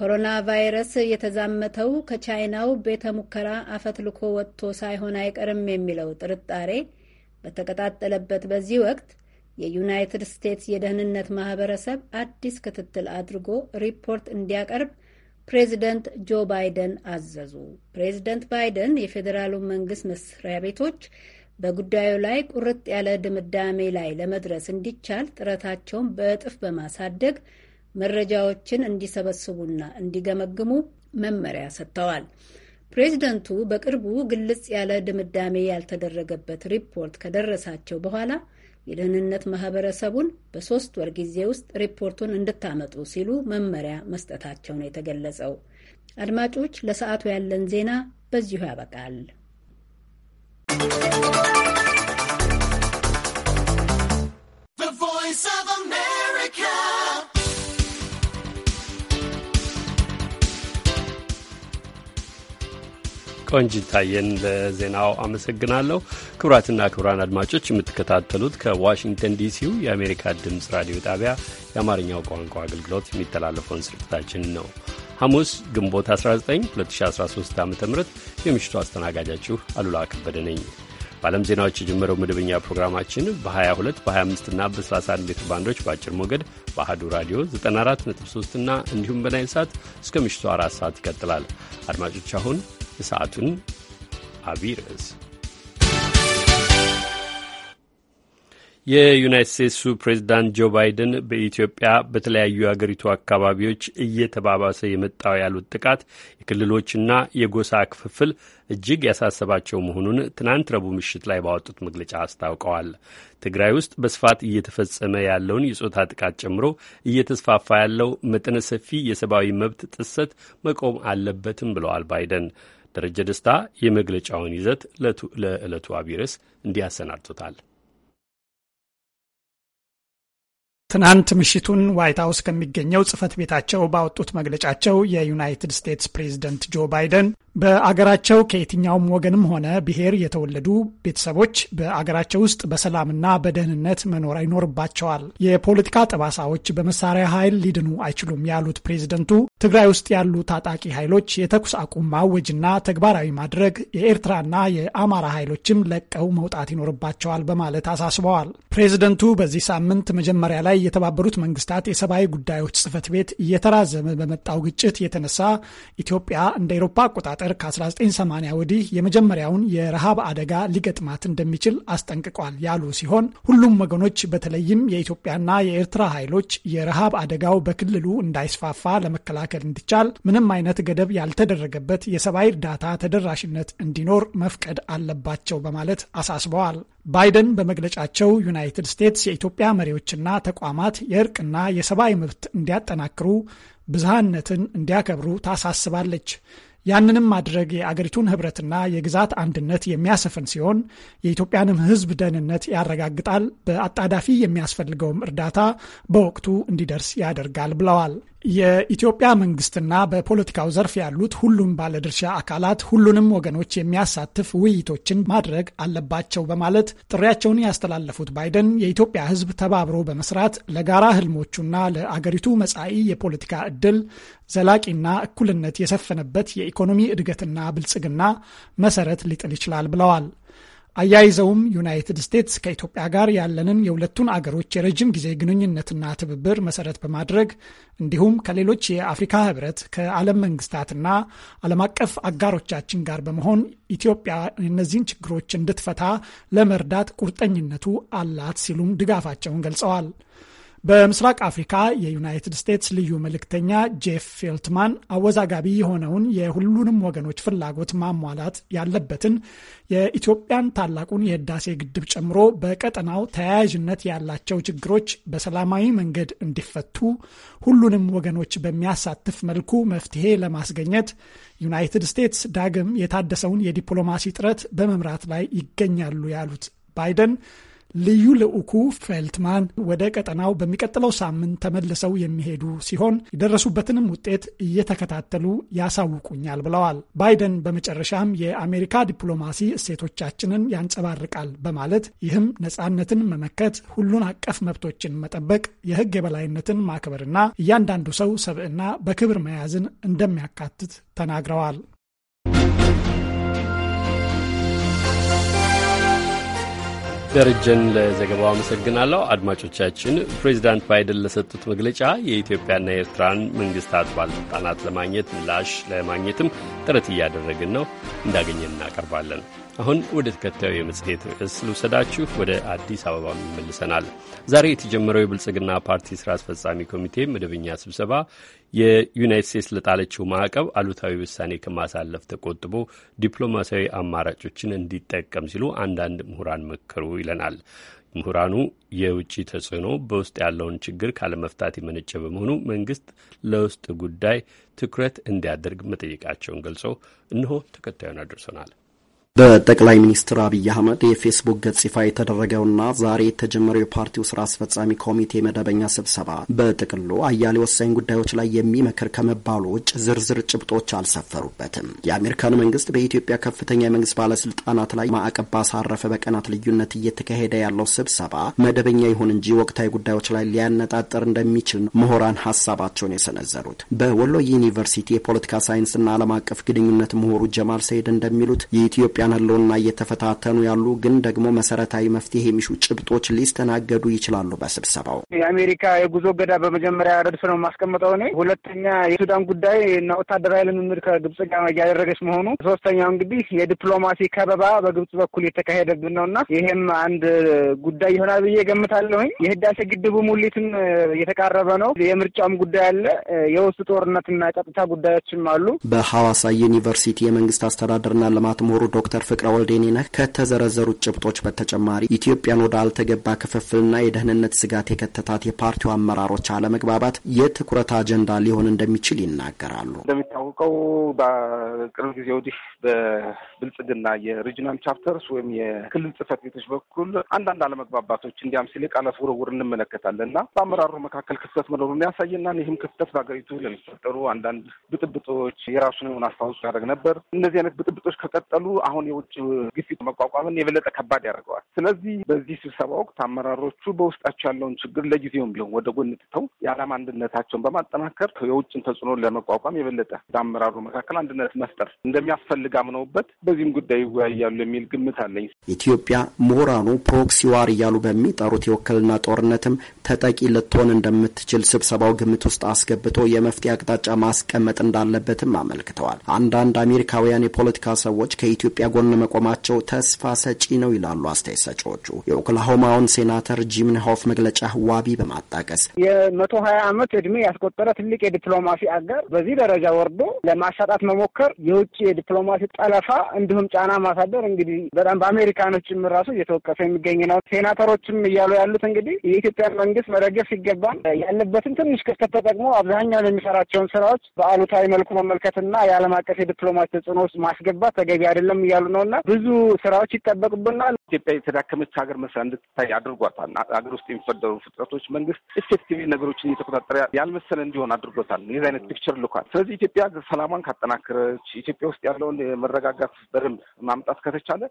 [SPEAKER 2] ኮሮና ቫይረስ የተዛመተው ከቻይናው ቤተ ሙከራ አፈትልኮ ወጥቶ ሳይሆን አይቀርም የሚለው ጥርጣሬ በተቀጣጠለበት በዚህ ወቅት የዩናይትድ ስቴትስ የደህንነት ማህበረሰብ አዲስ ክትትል አድርጎ ሪፖርት እንዲያቀርብ ፕሬዚደንት ጆ ባይደን አዘዙ። ፕሬዚደንት ባይደን የፌዴራሉ መንግስት መስሪያ ቤቶች በጉዳዩ ላይ ቁርጥ ያለ ድምዳሜ ላይ ለመድረስ እንዲቻል ጥረታቸውን በእጥፍ በማሳደግ መረጃዎችን እንዲሰበስቡና እንዲገመግሙ መመሪያ ሰጥተዋል። ፕሬዚደንቱ በቅርቡ ግልጽ ያለ ድምዳሜ ያልተደረገበት ሪፖርት ከደረሳቸው በኋላ የደህንነት ማህበረሰቡን በሶስት ወር ጊዜ ውስጥ ሪፖርቱን እንድታመጡ ሲሉ መመሪያ መስጠታቸው ነው የተገለጸው። አድማጮች፣ ለሰዓቱ ያለን ዜና በዚሁ ያበቃል።
[SPEAKER 1] ቆንጅት ታየን ለዜናው አመሰግናለሁ። ክቡራትና ክቡራን አድማጮች የምትከታተሉት ከዋሽንግተን ዲሲው የአሜሪካ ድምፅ ራዲዮ ጣቢያ የአማርኛው ቋንቋ አገልግሎት የሚተላለፈውን ስርጭታችን ነው። ሐሙስ ግንቦት 19 2013 ዓ ም የምሽቱ አስተናጋጃችሁ አሉላ ከበደ ነኝ። በዓለም ዜናዎች የጀመረው መደበኛ ፕሮግራማችን በ22 በ25 ና በ31 ሜትር ባንዶች በአጭር ሞገድ በአህዱ ራዲዮ 94.3 እና እንዲሁም በናይል ሰዓት እስከ ምሽቱ አራት ሰዓት ይቀጥላል። አድማጮች አሁን የሰዓቱን አብይ ርዕስ የዩናይት ስቴትሱ ፕሬዚዳንት ጆ ባይደን በኢትዮጵያ በተለያዩ የአገሪቱ አካባቢዎች እየተባባሰ የመጣው ያሉት ጥቃት የክልሎችና የጎሳ ክፍፍል እጅግ ያሳሰባቸው መሆኑን ትናንት ረቡዕ ምሽት ላይ ባወጡት መግለጫ አስታውቀዋል። ትግራይ ውስጥ በስፋት እየተፈጸመ ያለውን የጾታ ጥቃት ጨምሮ እየተስፋፋ ያለው መጠነ ሰፊ የሰብአዊ መብት ጥሰት መቆም አለበትም ብለዋል ባይደን ደረጀ ደስታ የመግለጫውን ይዘት ለዕለቱ አቢይ እንዲህ
[SPEAKER 6] ትናንት ምሽቱን ዋይት ሀውስ ከሚገኘው ጽህፈት ቤታቸው ባወጡት መግለጫቸው የዩናይትድ ስቴትስ ፕሬዝደንት ጆ ባይደን በአገራቸው ከየትኛውም ወገንም ሆነ ብሔር የተወለዱ ቤተሰቦች በአገራቸው ውስጥ በሰላምና በደህንነት መኖር ይኖርባቸዋል፣ የፖለቲካ ጠባሳዎች በመሳሪያ ኃይል ሊድኑ አይችሉም ያሉት ፕሬዝደንቱ ትግራይ ውስጥ ያሉ ታጣቂ ኃይሎች የተኩስ አቁም ማወጅና ተግባራዊ ማድረግ፣ የኤርትራና የአማራ ኃይሎችም ለቀው መውጣት ይኖርባቸዋል በማለት አሳስበዋል። ፕሬዝደንቱ በዚህ ሳምንት መጀመሪያ ላይ የተባበሩት መንግስታት የሰብአዊ ጉዳዮች ጽህፈት ቤት እየተራዘመ በመጣው ግጭት የተነሳ ኢትዮጵያ እንደ ኤሮፓ አቆጣጠር ከ1980 ወዲህ የመጀመሪያውን የረሃብ አደጋ ሊገጥማት እንደሚችል አስጠንቅቋል ያሉ ሲሆን ሁሉም ወገኖች በተለይም የኢትዮጵያና የኤርትራ ኃይሎች የረሃብ አደጋው በክልሉ እንዳይስፋፋ ለመከላከል መከላከል እንዲቻል ምንም አይነት ገደብ ያልተደረገበት የሰብአዊ እርዳታ ተደራሽነት እንዲኖር መፍቀድ አለባቸው በማለት አሳስበዋል። ባይደን በመግለጫቸው ዩናይትድ ስቴትስ የኢትዮጵያ መሪዎችና ተቋማት የእርቅና የሰብአዊ መብት እንዲያጠናክሩ፣ ብዝሃነትን እንዲያከብሩ ታሳስባለች። ያንንም ማድረግ የአገሪቱን ህብረትና የግዛት አንድነት የሚያሰፍን ሲሆን የኢትዮጵያንም ህዝብ ደህንነት ያረጋግጣል፣ በአጣዳፊ የሚያስፈልገውም እርዳታ በወቅቱ እንዲደርስ ያደርጋል ብለዋል። የኢትዮጵያ መንግስትና በፖለቲካው ዘርፍ ያሉት ሁሉም ባለድርሻ አካላት ሁሉንም ወገኖች የሚያሳትፍ ውይይቶችን ማድረግ አለባቸው በማለት ጥሪያቸውን ያስተላለፉት ባይደን የኢትዮጵያ ሕዝብ ተባብሮ በመስራት ለጋራ ህልሞቹና ለአገሪቱ መጻኢ የፖለቲካ እድል ዘላቂና እኩልነት የሰፈነበት የኢኮኖሚ እድገትና ብልጽግና መሰረት ሊጥል ይችላል ብለዋል። አያይዘውም ዩናይትድ ስቴትስ ከኢትዮጵያ ጋር ያለንን የሁለቱን አገሮች የረጅም ጊዜ ግንኙነትና ትብብር መሰረት በማድረግ እንዲሁም ከሌሎች የአፍሪካ ህብረት፣ ከዓለም መንግስታትና ዓለም አቀፍ አጋሮቻችን ጋር በመሆን ኢትዮጵያ እነዚህን ችግሮች እንድትፈታ ለመርዳት ቁርጠኝነቱ አላት ሲሉም ድጋፋቸውን ገልጸዋል። በምስራቅ አፍሪካ የዩናይትድ ስቴትስ ልዩ መልእክተኛ ጄፍ ፌልትማን አወዛጋቢ የሆነውን የሁሉንም ወገኖች ፍላጎት ማሟላት ያለበትን የኢትዮጵያን ታላቁን የህዳሴ ግድብ ጨምሮ በቀጠናው ተያያዥነት ያላቸው ችግሮች በሰላማዊ መንገድ እንዲፈቱ ሁሉንም ወገኖች በሚያሳትፍ መልኩ መፍትሄ ለማስገኘት ዩናይትድ ስቴትስ ዳግም የታደሰውን የዲፕሎማሲ ጥረት በመምራት ላይ ይገኛሉ ያሉት ባይደን ልዩ ልዑኩ ፌልትማን ወደ ቀጠናው በሚቀጥለው ሳምንት ተመልሰው የሚሄዱ ሲሆን የደረሱበትንም ውጤት እየተከታተሉ ያሳውቁኛል ብለዋል። ባይደን በመጨረሻም የአሜሪካ ዲፕሎማሲ እሴቶቻችንን ያንጸባርቃል በማለት ይህም ነፃነትን መመከት፣ ሁሉን አቀፍ መብቶችን መጠበቅ፣ የህግ የበላይነትን ማክበርና እያንዳንዱ ሰው ሰብዕና በክብር መያዝን እንደሚያካትት ተናግረዋል።
[SPEAKER 1] ደረጀን ለዘገባው አመሰግናለሁ። አድማጮቻችን፣ ፕሬዚዳንት ባይደን ለሰጡት መግለጫ የኢትዮጵያና የኤርትራን መንግስታት ባለስልጣናት ለማግኘት ምላሽ ለማግኘትም ጥረት እያደረግን ነው። እንዳገኘን እናቀርባለን። አሁን ወደ ተከታዩ የመጽሔት ርዕስ ልውሰዳችሁ። ወደ አዲስ አበባ ይመልሰናል። ዛሬ የተጀመረው የብልጽግና ፓርቲ ስራ አስፈጻሚ ኮሚቴ መደበኛ ስብሰባ የዩናይት ስቴትስ ለጣለችው ማዕቀብ አሉታዊ ውሳኔ ከማሳለፍ ተቆጥቦ ዲፕሎማሲያዊ አማራጮችን እንዲጠቀም ሲሉ አንዳንድ ምሁራን መከሩ ይለናል። ምሁራኑ የውጭ ተጽዕኖ በውስጥ ያለውን ችግር ካለመፍታት የመነጨ በመሆኑ መንግስት ለውስጥ ጉዳይ ትኩረት እንዲያደርግ መጠየቃቸውን ገልጾ እነሆ ተከታዩን አድርሶናል።
[SPEAKER 7] በጠቅላይ ሚኒስትር አብይ አህመድ የፌስቡክ ገጽ ይፋ የተደረገውና ዛሬ የተጀመረው የፓርቲው ስራ አስፈጻሚ ኮሚቴ መደበኛ ስብሰባ በጥቅሉ አያሌ ወሳኝ ጉዳዮች ላይ የሚመክር ከመባሉ ውጭ ዝርዝር ጭብጦች አልሰፈሩበትም። የአሜሪካን መንግስት በኢትዮጵያ ከፍተኛ የመንግስት ባለስልጣናት ላይ ማዕቀብ ባሳረፈ በቀናት ልዩነት እየተካሄደ ያለው ስብሰባ መደበኛ ይሁን እንጂ ወቅታዊ ጉዳዮች ላይ ሊያነጣጠር እንደሚችል ምሁራን ሀሳባቸውን የሰነዘሩት በወሎ ዩኒቨርሲቲ የፖለቲካ ሳይንስና ዓለም አቀፍ ግንኙነት ምሁሩ ጀማል ሰይድ እንደሚሉት የኢትዮጵያ የኢትዮጵያን ሕልውና እየተፈታተኑ ያሉ ግን ደግሞ መሰረታዊ መፍትሄ የሚሹ ጭብጦች ሊስተናገዱ ይችላሉ። በስብሰባው
[SPEAKER 8] የአሜሪካ የጉዞ እገዳ በመጀመሪያ ረድፍ ነው የማስቀምጠው እኔ። ሁለተኛ የሱዳን ጉዳይ እና ወታደራዊ ልምምድ ከግብጽ ጋር እያደረገች መሆኑ፣ ሶስተኛው እንግዲህ የዲፕሎማሲ ከበባ በግብጽ በኩል የተካሄደብን ነው እና ይህም አንድ ጉዳይ ይሆናል ብዬ ገምታለሁኝ። የህዳሴ ግድቡ ሙሊትም እየተቃረበ ነው። የምርጫውም ጉዳይ አለ። የውስጥ ጦርነትና ጸጥታ ጉዳዮችም አሉ።
[SPEAKER 7] በሐዋሳ ዩኒቨርሲቲ የመንግስት አስተዳደርና ልማት ምሁሩ ዶክተር ዶክተር ፍቅረ ወልዴኔነህ ከተዘረዘሩት ጭብጦች በተጨማሪ ኢትዮጵያን ወደ አልተገባ ክፍፍልና የደህንነት ስጋት የከተታት የፓርቲው አመራሮች አለመግባባት የትኩረት አጀንዳ ሊሆን እንደሚችል ይናገራሉ።
[SPEAKER 9] እንደሚታወቀው በቅርብ ጊዜ ወዲህ በብልጽግና የሪጅናል ቻፕተርስ ወይም የክልል ጽህፈት ቤቶች በኩል አንዳንድ አለመግባባቶች እንዲያም ሲል የቃላት ውርውር እንመለከታለን እና በአመራሩ መካከል ክፍተት መኖሩን ያሳየናል። ይህም ክፍተት በሀገሪቱ ለሚፈጠሩ አንዳንድ ብጥብጦች የራሱን የሆነ አስተዋጽኦ ያደርግ ነበር። እነዚህ አይነት ብጥብጦች ከቀጠሉ አሁን አሁን የውጭ ግፊት መቋቋምን የበለጠ ከባድ ያደርገዋል። ስለዚህ በዚህ ስብሰባ ወቅት አመራሮቹ በውስጣቸው ያለውን ችግር ለጊዜውም ቢሆን ወደ ጎን ትተው የዓላማ አንድነታቸውን በማጠናከር የውጭን ተጽዕኖ ለመቋቋም የበለጠ በአመራሩ መካከል አንድነት መፍጠር እንደሚያስፈልግ አምነውበት በዚህም ጉዳይ ይወያያሉ የሚል ግምት አለኝ።
[SPEAKER 7] ኢትዮጵያ ምሁራኑ ፕሮክሲ ዋር እያሉ በሚጠሩት የውክልና ጦርነትም ተጠቂ ልትሆን እንደምትችል ስብሰባው ግምት ውስጥ አስገብቶ የመፍትሄ አቅጣጫ ማስቀመጥ እንዳለበትም አመልክተዋል። አንዳንድ አሜሪካውያን የፖለቲካ ሰዎች ከኢትዮጵያ ከጎን መቆማቸው ተስፋ ሰጪ ነው ይላሉ አስተያየት ሰጪዎቹ። የኦክላሆማውን ሴናተር ጂምን ሆፍ መግለጫ ዋቢ በማጣቀስ
[SPEAKER 8] የመቶ ሀያ አመት እድሜ ያስቆጠረ ትልቅ የዲፕሎማሲ አገር በዚህ ደረጃ ወርዶ ለማሳጣት መሞከር የውጭ የዲፕሎማሲ ጠለፋ፣ እንዲሁም ጫና ማሳደር እንግዲህ በጣም በአሜሪካኖች ጭምር ራሱ እየተወቀሰ የሚገኝ ነው። ሴናተሮችም እያሉ ያሉት እንግዲህ የኢትዮጵያ መንግስት መደገፍ ሲገባን ያለበትን ትንሽ ክፍተት ተጠቅሞ አብዛኛውን የሚሰራቸውን ስራዎች በአሉታዊ መልኩ መመልከትና የዓለም አቀፍ የዲፕሎማሲ ተጽዕኖ ውስጥ ማስገባት ተገቢ አይደለም እያሉ እያሉ ነው እና ብዙ ስራዎች
[SPEAKER 9] ይጠበቅብናል። ኢትዮጵያ የተዳከመች ሀገር መስላ እንድትታይ አድርጓታል። ሀገር ውስጥ የሚፈደሩ ፍጥረቶች መንግስት ኢፌክቲቭ ነገሮችን እየተቆጣጠረ ያልመሰለ እንዲሆን አድርጎታል። ይህ አይነት ፒክቸር ልኳል። ስለዚህ ኢትዮጵያ ሰላሟን ካጠናከረች፣ ኢትዮጵያ ውስጥ ያለውን መረጋጋት በደንብ ማምጣት ከተቻለ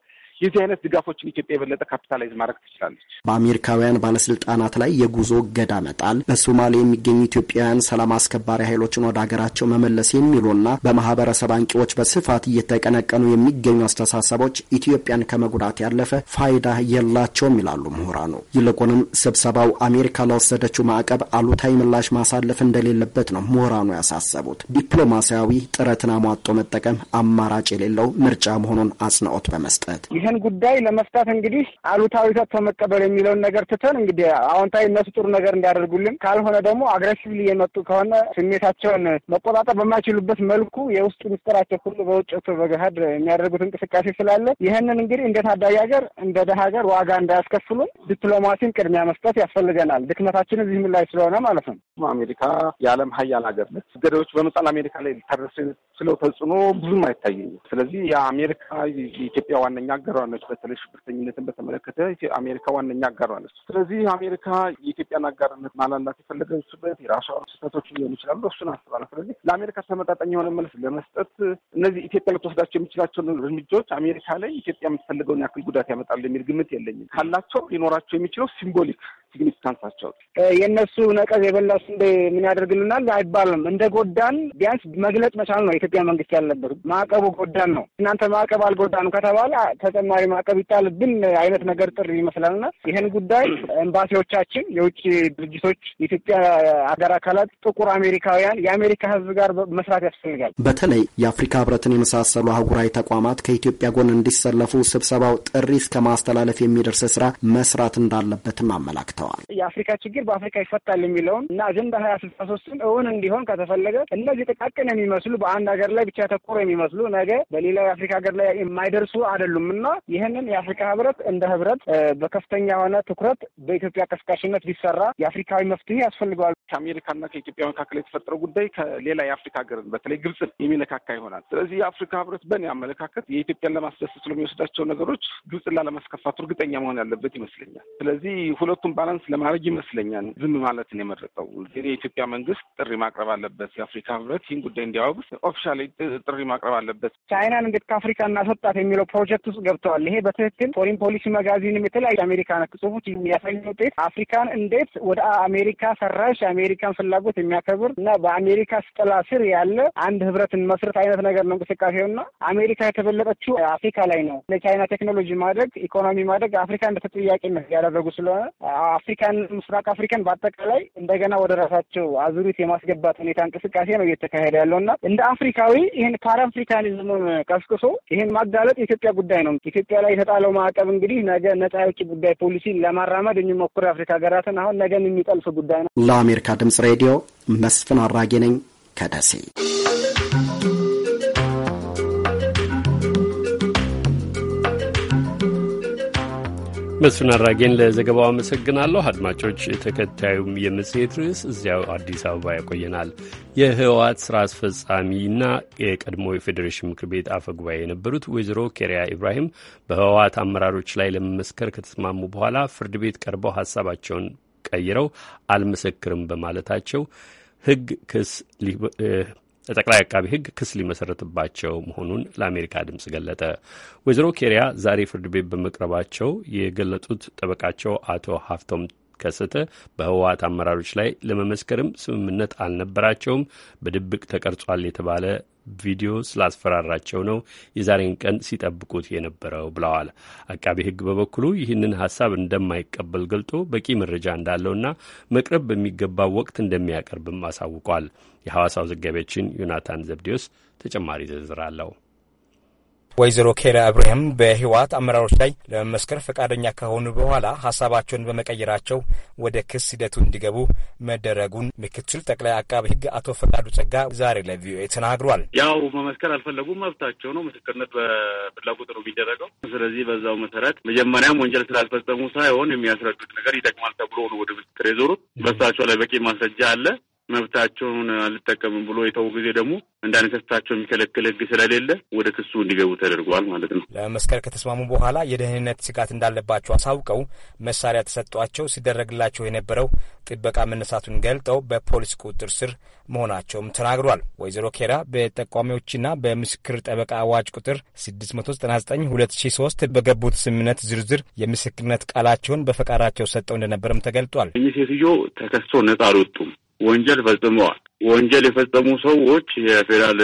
[SPEAKER 9] የዚህ አይነት ድጋፎችን ኢትዮጵያ የበለጠ ካፒታላይዝ ማድረግ
[SPEAKER 7] ትችላለች። በአሜሪካውያን ባለስልጣናት ላይ የጉዞ እገዳ መጣል፣ በሶማሌ የሚገኙ ኢትዮጵያውያን ሰላም አስከባሪ ኃይሎችን ወደ ሀገራቸው መመለስ የሚሉና በማህበረሰብ አንቂዎች በስፋት እየተቀነቀኑ የሚገኙ አስተሳሰቦች ኢትዮጵያን ከመጉዳት ያለፈ ፋይዳ የላቸውም ይላሉ ምሁራኑ። ይልቁንም ስብሰባው አሜሪካ ለወሰደችው ማዕቀብ አሉታዊ ምላሽ ማሳለፍ እንደሌለበት ነው ምሁራኑ ያሳሰቡት። ዲፕሎማሲያዊ ጥረትን አሟጦ መጠቀም አማራጭ የሌለው ምርጫ መሆኑን አጽንኦት በመስጠት
[SPEAKER 10] ይህን
[SPEAKER 8] ጉዳይ ለመፍታት እንግዲህ አሉታዊ ሰጥቶ መቀበል የሚለውን ነገር ትተን እንግዲህ አዎንታዊ እነሱ ጥሩ ነገር እንዲያደርጉልን፣ ካልሆነ ደግሞ አግሬሲቭሊ የመጡ ከሆነ ስሜታቸውን መቆጣጠር በማይችሉበት መልኩ የውስጡ ምስጢራቸው ሁሉ በውጭ በገሀድ የሚያደርጉት እንቅስቃሴ ስላለ ይህንን እንግዲህ እንደ ታዳጊ ሀገር እንደ ደሀ ሀገር ዋጋ እንዳያስከፍሉን ዲፕሎማሲን ቅድሚያ መስጠት ያስፈልገናል። ድክመታችን
[SPEAKER 9] እዚህ ምን ላይ ስለሆነ ማለት ነው። አሜሪካ የዓለም ሀያል ሀገር ነች። ገዳዮች በመጣል አሜሪካ ላይ ታደርስ ስለው ተጽዕኖ ብዙም አይታየኝም። ስለዚህ የአሜሪካ የኢትዮጵያ ዋነኛ አገሯ አጋሯ ነች። በተለይ ሽብርተኝነትን በተመለከተ አሜሪካ ዋነኛ አጋሯ ነች። ስለዚህ አሜሪካ የኢትዮጵያን አጋርነት ማላላት የፈለገችበት የራሷ ስህተቶች ሊሆኑ ይችላሉ። እሱን አስባለ። ስለዚህ ለአሜሪካ ተመጣጣኝ የሆነ መልስ ለመስጠት እነዚህ ኢትዮጵያ ልትወስዳቸው የሚችላቸውን እርምጃዎች አሜሪካ ላይ ኢትዮጵያ የምትፈልገውን ያክል ጉዳት ያመጣሉ የሚል ግምት የለኝም። ካላቸው ሊኖራቸው የሚችለው ሲምቦሊክ ሲግኒፊካንሳቸው
[SPEAKER 8] የእነሱ ነቀዝ የበላ ስንዴ ምን ያደርግልናል አይባልም። እንደ ጎዳን ቢያንስ መግለጽ መቻል ነው የኢትዮጵያ መንግስት ያለበት። ማዕቀቡ ጎዳን ነው፣ እናንተ ማዕቀብ አልጎዳንም ከተባለ ተጨማሪ ማዕቀብ ይጣልብን አይነት ነገር ጥሪ ይመስላልና ይህን ጉዳይ ኤምባሲዎቻችን፣ የውጭ ድርጅቶች፣ የኢትዮጵያ አገር አካላት፣ ጥቁር አሜሪካውያን፣ የአሜሪካ ህዝብ ጋር መስራት ያስፈልጋል።
[SPEAKER 7] በተለይ የአፍሪካ ህብረትን የመሳሰሉ አህጉራዊ ተቋማት ከኢትዮጵያ ጎን እንዲሰለፉ ስብሰባው ጥሪ እስከ ማስተላለፍ የሚደርስ ስራ መስራት እንዳለበትም አመላክታል። አብራርተዋል።
[SPEAKER 8] የአፍሪካ ችግር በአፍሪካ ይፈታል የሚለውን እና አጀንዳ ሀያ ስልሳ ሶስትን እውን እንዲሆን ከተፈለገ እነዚህ ጥቃቅን የሚመስሉ በአንድ ሀገር ላይ ብቻ ያተኮረ የሚመስሉ ነገ በሌላ የአፍሪካ ሀገር ላይ የማይደርሱ አይደሉም እና ይህንን የአፍሪካ ህብረት እንደ ህብረት በከፍተኛ የሆነ ትኩረት በኢትዮጵያ ቀስቃሽነት ቢሰራ የአፍሪካዊ
[SPEAKER 9] መፍትሄ ያስፈልገዋል። ከአሜሪካና ከኢትዮጵያ መካከል የተፈጠረው ጉዳይ ከሌላ የአፍሪካ ሀገርን በተለይ ግብፅን የሚነካካ ይሆናል። ስለዚህ የአፍሪካ ህብረት በእኔ አመለካከት የኢትዮጵያን ለማስደሰት ስለሚወስዳቸው ነገሮች ግብፅን ላለማስከፋት እርግጠኛ መሆን ያለበት ይመስለኛል። ስለዚህ ሁለቱም ባ ባላንስ ለማድረግ ይመስለኛል ዝም ማለት ነው የመረጠው። የኢትዮጵያ መንግስት ጥሪ ማቅረብ አለበት። የአፍሪካ ህብረት ይህን ጉዳይ እንዲያወግዝ ኦፊሻሊ ጥሪ ማቅረብ አለበት።
[SPEAKER 8] ቻይናን እንግዲህ ከአፍሪካ እናስወጣት የሚለው ፕሮጀክት ውስጥ ገብተዋል። ይሄ በትክክል ፎሪን ፖሊሲ መጋዚንም የተለያዩ አሜሪካ ነክ ጽሁፎች ውጤት አፍሪካን እንዴት ወደ አሜሪካ ሰራሽ የአሜሪካን ፍላጎት የሚያከብር እና በአሜሪካ ስጥላ ስር ያለ አንድ ህብረትን መስረት አይነት ነገር ነው እንቅስቃሴውና አሜሪካ የተበለጠችው አፍሪካ ላይ ነው። ለቻይና ቴክኖሎጂ ማደግ፣ ኢኮኖሚ ማደግ አፍሪካ እንደ ያደረጉ ስለሆነ አፍሪካን፣ ምስራቅ አፍሪካን በአጠቃላይ እንደገና ወደ ራሳቸው አዙሪት የማስገባት ሁኔታ እንቅስቃሴ ነው እየተካሄደ ያለውና እንደ አፍሪካዊ ይህን ፓንአፍሪካኒዝምን ቀስቅሶ ይህን ማጋለጥ የኢትዮጵያ ጉዳይ ነው። ኢትዮጵያ ላይ የተጣለው ማዕቀብ እንግዲህ ነገ ነጻ የውጭ ጉዳይ ፖሊሲ ለማራመድ የሚሞክሩ የአፍሪካ ሀገራትን አሁን ነገን የሚጠልፍ
[SPEAKER 7] ጉዳይ ነው። ለአሜሪካ ድምጽ ሬዲዮ መስፍን አራጌ ነኝ ከደሴ
[SPEAKER 1] መስፍን አራጌን ለዘገባው አመሰግናለሁ። አድማጮች፣ ተከታዩም የመጽሔት ርዕስ እዚያው አዲስ አበባ ያቆየናል። የህወሓት ስራ አስፈጻሚና የቀድሞ የፌዴሬሽን ምክር ቤት አፈ ጉባኤ የነበሩት ወይዘሮ ኬሪያ ኢብራሂም በህወሓት አመራሮች ላይ ለመመስከር ከተስማሙ በኋላ ፍርድ ቤት ቀርበው ሀሳባቸውን ቀይረው አልመሰክርም በማለታቸው ህግ ክስ ለጠቅላይ አቃቢ ሕግ ክስ ሊመሰረትባቸው መሆኑን ለአሜሪካ ድምፅ ገለጠ። ወይዘሮ ኬሪያ ዛሬ ፍርድ ቤት በመቅረባቸው የገለጡት ጠበቃቸው አቶ ሀፍቶም ከስተ በህወሀት አመራሮች ላይ ለመመስከርም ስምምነት አልነበራቸውም፣ በድብቅ ተቀርጿል የተባለ ቪዲዮ ስላስፈራራቸው ነው የዛሬን ቀን ሲጠብቁት የነበረው ብለዋል። አቃቤ ሕግ በበኩሉ ይህንን ሀሳብ እንደማይቀበል ገልጦ በቂ መረጃ እንዳለውና መቅረብ በሚገባው ወቅት እንደሚያቀርብም አሳውቋል። የሐዋሳው ዘጋቢያችን ዮናታን ዘብዴዎስ
[SPEAKER 11] ተጨማሪ ዝርዝር አለው። ወይዘሮ ኬራ እብርሃም በህወሓት አመራሮች ላይ ለመመስከር ፈቃደኛ ከሆኑ በኋላ ሀሳባቸውን በመቀየራቸው ወደ ክስ ሂደቱ እንዲገቡ መደረጉን ምክትል ጠቅላይ አቃቢ ህግ አቶ ፈቃዱ ጸጋ ዛሬ ለቪኦኤ ተናግሯል።
[SPEAKER 12] ያው መመስከር አልፈለጉም፣ መብታቸው ነው። ምስክርነት በፍላጎት ነው የሚደረገው። ስለዚህ በዛው መሰረት መጀመሪያም ወንጀል ስላልፈጸሙ ሳይሆን የሚያስረዱት ነገር ይጠቅማል ተብሎ ነው ወደ ምስክር የዞሩት። በሳቸው ላይ በቂ ማስረጃ አለ። መብታቸውን አልጠቀምም ብሎ የተው ጊዜ ደግሞ እንዳነሳሳቸው የሚከለክል ህግ ስለሌለ ወደ ክሱ እንዲገቡ ተደርጓል ማለት ነው።
[SPEAKER 11] ለመስከር ከተስማሙ በኋላ የደህንነት ስጋት እንዳለባቸው አሳውቀው መሳሪያ ተሰጧቸው ሲደረግላቸው የነበረው ጥበቃ መነሳቱን ገልጠው በፖሊስ ቁጥጥር ስር መሆናቸውም ተናግሯል። ወይዘሮ ኬራ በጠቋሚዎችና በምስክር ጠበቃ አዋጅ ቁጥር 699/2003 በገቡት ስምምነት ዝርዝር የምስክርነት ቃላቸውን በፈቃዳቸው ሰጠው እንደነበርም ተገልጧል።
[SPEAKER 12] እኚህ ሴትዮ ተከሶ ነጻ አልወጡም። ወንጀል ፈጽመዋል። ወንጀል የፈጸሙ ሰዎች የፌዴራል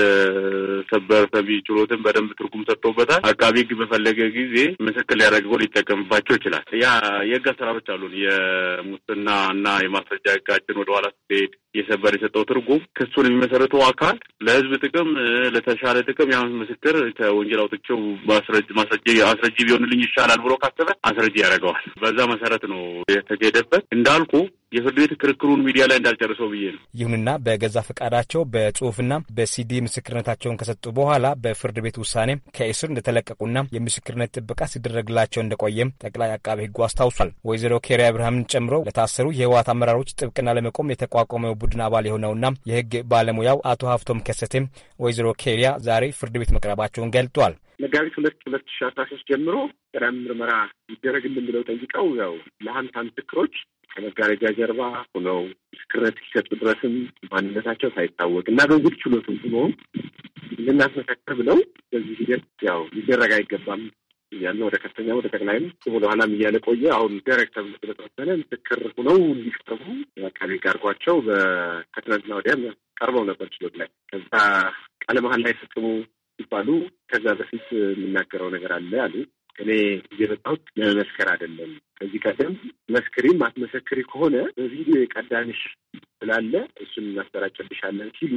[SPEAKER 12] ሰበር ሰሚ ችሎትን በደንብ ትርጉም ሰጥቶበታል። አቃቢ ሕግ በፈለገ ጊዜ ምስክር ሊያደርገው ሊጠቀምባቸው ይችላል። ያ የህግ አሰራሮች አሉን። የሙስና እና የማስረጃ ህጋችን ወደ ኋላ ስትሄድ የሰበር የሰጠው ትርጉም ክሱን የሚመሰርተው አካል ለህዝብ ጥቅም ለተሻለ ጥቅም ያ ምስክር ከወንጀል አውጥቼው አስረጅ ቢሆንልኝ ይሻላል ብሎ ካሰበ አስረጂ ያደርገዋል። በዛ መሰረት ነው የተገደበት እንዳልኩ የፍርድ ቤት ክርክሩን ሚዲያ ላይ እንዳልጨርሰው ብዬ ነው።
[SPEAKER 11] ይሁንና በገዛ ፈቃዳቸው በጽሁፍና በሲዲ ምስክርነታቸውን ከሰጡ በኋላ በፍርድ ቤት ውሳኔ ከእስር እንደተለቀቁና የምስክርነት ጥበቃ ሲደረግላቸው እንደቆየም ጠቅላይ አቃቤ ሕጉ አስታውሷል። ወይዘሮ ኬሪያ አብርሃምን ጨምሮ ለታሰሩ የህወሓት አመራሮች ጥብቅና ለመቆም የተቋቋመው ቡድን አባል የሆነውና የህግ ባለሙያው አቶ ሀፍቶም ከሰቴም ወይዘሮ ኬሪያ ዛሬ ፍርድ ቤት መቅረባቸውን ገልጧል።
[SPEAKER 10] መጋቢት ሁለት ሁለት ሺ አስራ ሶስት ጀምሮ ቀዳሚ ምርመራ ይደረግልን ብለው ጠይቀው ያው ለሀምሳ ምስክሮች ከመጋረጃ ጀርባ ሆነው ምስክርነት ሲሰጡ ድረስም ማንነታቸው ሳይታወቅ እና በእንግዲህ ችሎቱም ሆኖ ልናስመሰክር ብለው በዚህ ሂደት ያው ሊደረግ አይገባም እያለ ወደ ከፍተኛ ወደ ጠቅላይም ስሙ ወደኋላም እያለ ቆየ። አሁን ዳይሬክተር ስለተወሰነ ምስክር ሁነው እንዲቀርቡ አካባቢ ጋርጓቸው በከትናንትና ወዲያ ቀርበው ነበር ችሎት ላይ። ከዛ ቃለ መሀል ላይ ፈጽሙ ሲባሉ ከዛ በፊት የምናገረው ነገር አለ አሉ። እኔ እየመጣሁት ለመመስከር አይደለም ከዚህ ቀደም መስክሪም ማትመሰክሪ ከሆነ በቪዲዮ የቀዳንሽ ስላለ እሱን እናሰራጨብሻለን ሲሉ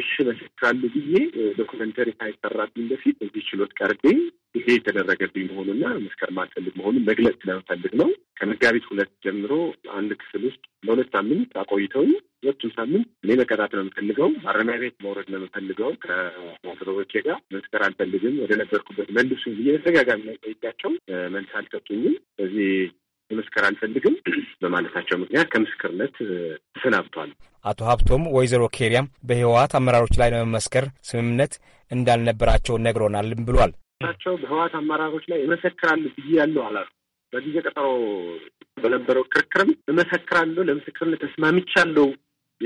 [SPEAKER 10] እሺ መሰክራሉ ብዬ ዶኩመንተሪ ሳይሰራብኝ በፊት እዚህ ችሎት ቀርቤ ይሄ የተደረገብኝ መሆኑና መስከር ማልፈልግ መሆኑን መግለጽ ስለምፈልግ ነው። ከመጋቢት ሁለት ጀምሮ አንድ ክፍል ውስጥ ለሁለት ሳምንት አቆይተውኝ ሁለቱም ሳምንት እኔ መቀጣት ነው የምፈልገው፣ ማረሚያ ቤት መውረድ ነው የምፈልገው፣ ከሞሰሮቼ ጋር መስከር አልፈልግም፣ ወደ ነበርኩበት መልሱ ብዬ በተደጋጋሚ ላይ ጠይቃቸው መልስ አልሰጡኝም። በዚህ መመስከር አልፈልግም በማለታቸው ምክንያት ከምስክርነት ተሰናብቷል።
[SPEAKER 11] አቶ ሀብቶም ወይዘሮ ኬሪያም በህወሀት አመራሮች ላይ ለመመስከር ስምምነት እንዳልነበራቸው ነግሮናል ብሏል።
[SPEAKER 10] ቸው በህወሀት አመራሮች ላይ እመሰክራለሁ ብዬ ያለው አላሉ በጊዜ ቀጠሮ በነበረው ክርክርም እመሰክራለሁ ለምስክርነት ተስማምቻለሁ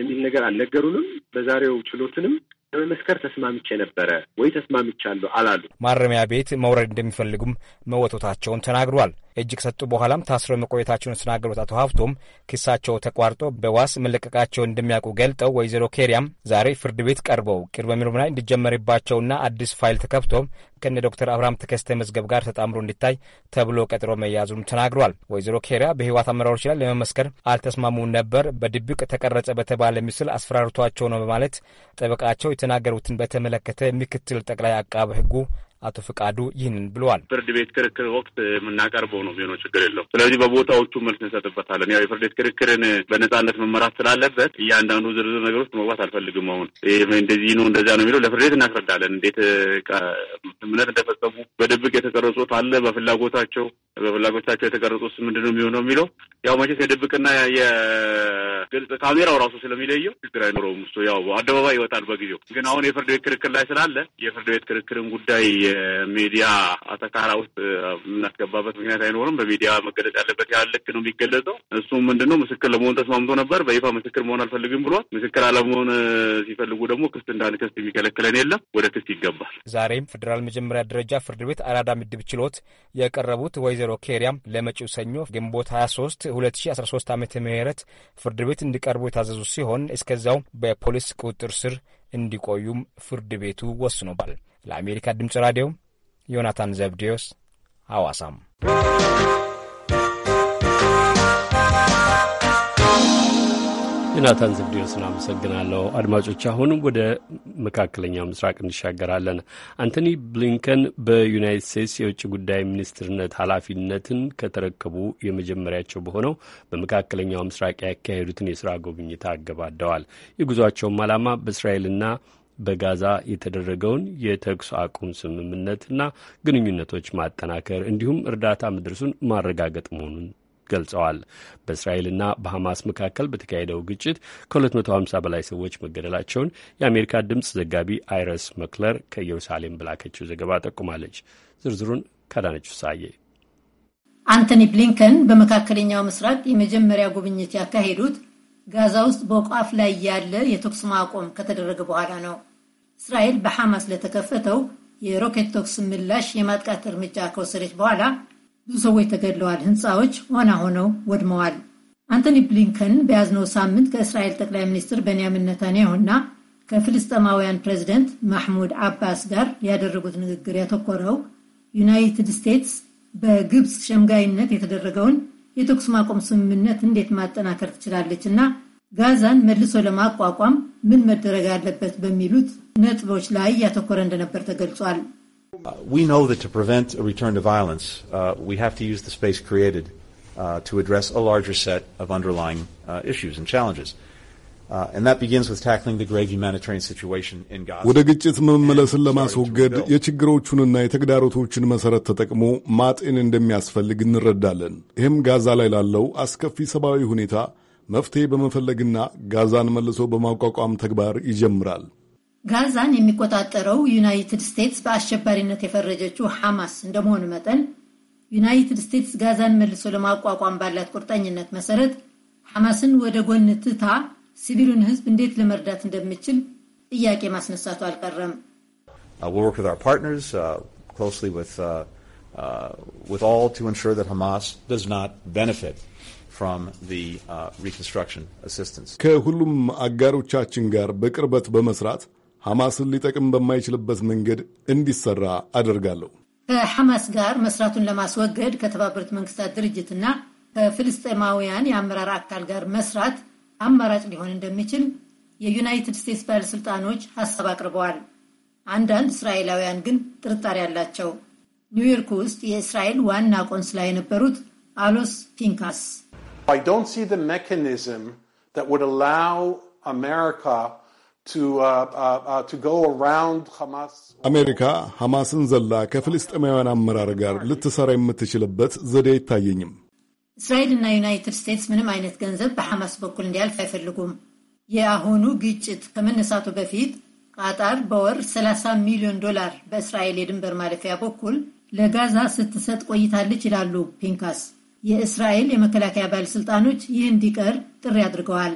[SPEAKER 10] የሚል ነገር አልነገሩንም። በዛሬው ችሎትንም ለመመስከር ተስማምቼ ነበረ ወይ ተስማምቻለሁ አላሉ።
[SPEAKER 11] ማረሚያ ቤት መውረድ እንደሚፈልጉም መወቶታቸውን ተናግሯል። እጅ ከሰጡ በኋላም ታስረው መቆየታቸውን የተናገሩት አቶ ሀብቶም ክሳቸው ተቋርጦ በዋስ መለቀቃቸው እንደሚያውቁ ገልጠው ወይዘሮ ኬሪያም ዛሬ ፍርድ ቤት ቀርበው ቅድመ ምርመራ እንዲጀመርባቸውና አዲስ ፋይል ተከፍቶ ከነ ዶክተር አብርሃም ተከስተ መዝገብ ጋር ተጣምሮ እንዲታይ ተብሎ ቀጥሮ መያዙም ተናግሯል። ወይዘሮ ኬሪያ በህወሓት አመራሮች ላይ ለመመስከር አልተስማሙም ነበር፣ በድብቅ ተቀረጸ በተባለ ምስል አስፈራርቷቸው ነው በማለት ጠበቃቸው የተናገሩትን በተመለከተ ምክትል ጠቅላይ አቃቢ ህጉ አቶ ፍቃዱ ይህንን ብለዋል።
[SPEAKER 12] ፍርድ ቤት ክርክር ወቅት የምናቀርበው ነው ቢሆነው ችግር የለው። ስለዚህ በቦታዎቹ መልስ እንሰጥበታለን። ያው የፍርድ ቤት ክርክርን በነጻነት መመራት ስላለበት እያንዳንዱ ዝርዝር ነገር ውስጥ መግባት አልፈልግም። አሁን እንደዚህ ነው እንደዚያ ነው የሚለው ለፍርድ ቤት እናስረዳለን። እንዴት እምነት እንደፈጸሙ በድብቅ የተቀረጹት አለ በፍላጎታቸው በፍላጎታቸው የተቀረጹት ምንድን ነው የሚሆነው የሚለው ያው መቼስ የድብቅና የግልጽ ካሜራው ራሱ ስለሚለየው ችግር አይኖረውም። እሱ ያው አደባባይ ይወጣል በጊዜው። ግን አሁን የፍርድ ቤት ክርክር ላይ ስላለ የፍርድ ቤት ክርክርን ጉዳይ የሚዲያ አተካራ ውስጥ የምናስገባበት ምክንያት አይኖርም። በሚዲያ መገለጽ ያለበት ያህል ልክ ነው የሚገለጸው። እሱም ነው ምስክር ለመሆን ተስማምቶ ነበር። በይፋ ምስክር መሆን አልፈልግም ብሏል። ምስክር አለመሆን ሲፈልጉ ደግሞ እንዳን ክስት የሚከለክለን የለም። ወደ
[SPEAKER 11] ክስት ይገባል። ዛሬም ፌዴራል መጀመሪያ ደረጃ ፍርድ ቤት አራዳ ምድብ ችሎት የቀረቡት ወይዘሮ ኬሪያም ለመጪው ሰኞ ግንቦት 23 2013 ዓመተ ምህረት ፍርድ ቤት እንዲቀርቡ የታዘዙ ሲሆን እስከዛው በፖሊስ ቁጥጥር ስር እንዲቆዩም ፍርድ ቤቱ ወስኖባል። ለአሜሪካ ድምፅ ራዲዮ ዮናታን ዘብዴዎስ ሐዋሳም
[SPEAKER 1] ዮናታን ዘብዴዎስን አመሰግናለሁ። አድማጮች፣ አሁንም ወደ መካከለኛው ምስራቅ እንሻገራለን። አንቶኒ ብሊንከን በዩናይትድ ስቴትስ የውጭ ጉዳይ ሚኒስትርነት ኃላፊነትን ከተረከቡ የመጀመሪያቸው በሆነው በመካከለኛው ምስራቅ ያካሄዱትን የስራ ጉብኝት አገባደዋል። የጉዟቸውም ዓላማ በእስራኤልና በጋዛ የተደረገውን የተኩስ አቁም ስምምነትና ግንኙነቶች ማጠናከር እንዲሁም እርዳታ መድረሱን ማረጋገጥ መሆኑን ገልጸዋል። በእስራኤልና በሐማስ መካከል በተካሄደው ግጭት ከ250 በላይ ሰዎች መገደላቸውን የአሜሪካ ድምፅ ዘጋቢ አይረስ መክለር ከኢየሩሳሌም በላከችው ዘገባ ጠቁማለች። ዝርዝሩን ከዳነች ሳየ።
[SPEAKER 13] አንቶኒ ብሊንከን በመካከለኛው ምስራቅ የመጀመሪያ ጉብኝት ያካሄዱት ጋዛ ውስጥ በቋፍ ላይ ያለ የተኩስ ማቆም ከተደረገ በኋላ ነው። እስራኤል በሐማስ ለተከፈተው የሮኬት ተኩስ ምላሽ የማጥቃት እርምጃ ከወሰደች በኋላ ብዙ ሰዎች ተገድለዋል፣ ህንፃዎች ሆና ሆነው ወድመዋል። አንቶኒ ብሊንከን በያዝነው ሳምንት ከእስራኤል ጠቅላይ ሚኒስትር ቤንያሚን ነታንያሁ እና ከፍልስጤማውያን ፕሬዚደንት ማሕሙድ አባስ ጋር ያደረጉት ንግግር ያተኮረው ዩናይትድ ስቴትስ በግብፅ ሸምጋይነት የተደረገውን የተኩስ ማቆም ስምምነት እንዴት ማጠናከር ትችላለች እና ጋዛን መልሶ ለማቋቋም ምን መደረግ አለበት በሚሉት ነጥቦች ላይ ያተኮረ እንደነበር ተገልጿል።
[SPEAKER 12] We Uh, ወደ
[SPEAKER 14] ግጭት መመለስን ለማስወገድ የችግሮቹንና የተግዳሮቶችን መሠረት ተጠቅሞ ማጤን እንደሚያስፈልግ እንረዳለን። ይህም ጋዛ ላይ ላለው አስከፊ ሰብአዊ ሁኔታ መፍትሄ በመፈለግና ጋዛን መልሶ በማቋቋም ተግባር ይጀምራል።
[SPEAKER 13] ጋዛን የሚቆጣጠረው ዩናይትድ ስቴትስ በአሸባሪነት የፈረጀችው ሐማስ እንደመሆኑ መጠን ዩናይትድ ስቴትስ ጋዛን መልሶ ለማቋቋም ባላት ቁርጠኝነት መሰረት ሐማስን ወደ ጎን ትታ ሲቪሉን ህዝብ እንዴት ለመርዳት እንደምችል ጥያቄ ማስነሳቱ አልቀረም።
[SPEAKER 14] ከሁሉም አጋሮቻችን ጋር በቅርበት በመስራት ሐማስን ሊጠቅም በማይችልበት መንገድ እንዲሰራ አደርጋለሁ።
[SPEAKER 13] ከሐማስ ጋር መስራቱን ለማስወገድ ከተባበሩት መንግስታት ድርጅትና ከፍልስጤማውያን የአመራር አካል ጋር መስራት አማራጭ ሊሆን እንደሚችል የዩናይትድ ስቴትስ ባለሥልጣኖች ሐሳብ አቅርበዋል። አንዳንድ እስራኤላውያን ግን ጥርጣሬ አላቸው። ኒውዮርክ ውስጥ የእስራኤል ዋና ቆንስላ የነበሩት አሎስ ፒንካስ
[SPEAKER 4] uh, uh, uh,
[SPEAKER 14] አሜሪካ ሐማስን ዘላ ከፍልስጤማውያን አመራር ጋር ልትሰራ የምትችልበት ዘዴ አይታየኝም።
[SPEAKER 13] እስራኤል እና ዩናይትድ ስቴትስ ምንም አይነት ገንዘብ በሐማስ በኩል እንዲያልፍ አይፈልጉም። የአሁኑ ግጭት ከመነሳቱ በፊት ቃጣር በወር 30 ሚሊዮን ዶላር በእስራኤል የድንበር ማለፊያ በኩል ለጋዛ ስትሰጥ ቆይታለች ይላሉ ፒንካስ። የእስራኤል የመከላከያ ባለሥልጣኖች ይህ እንዲቀር ጥሪ አድርገዋል።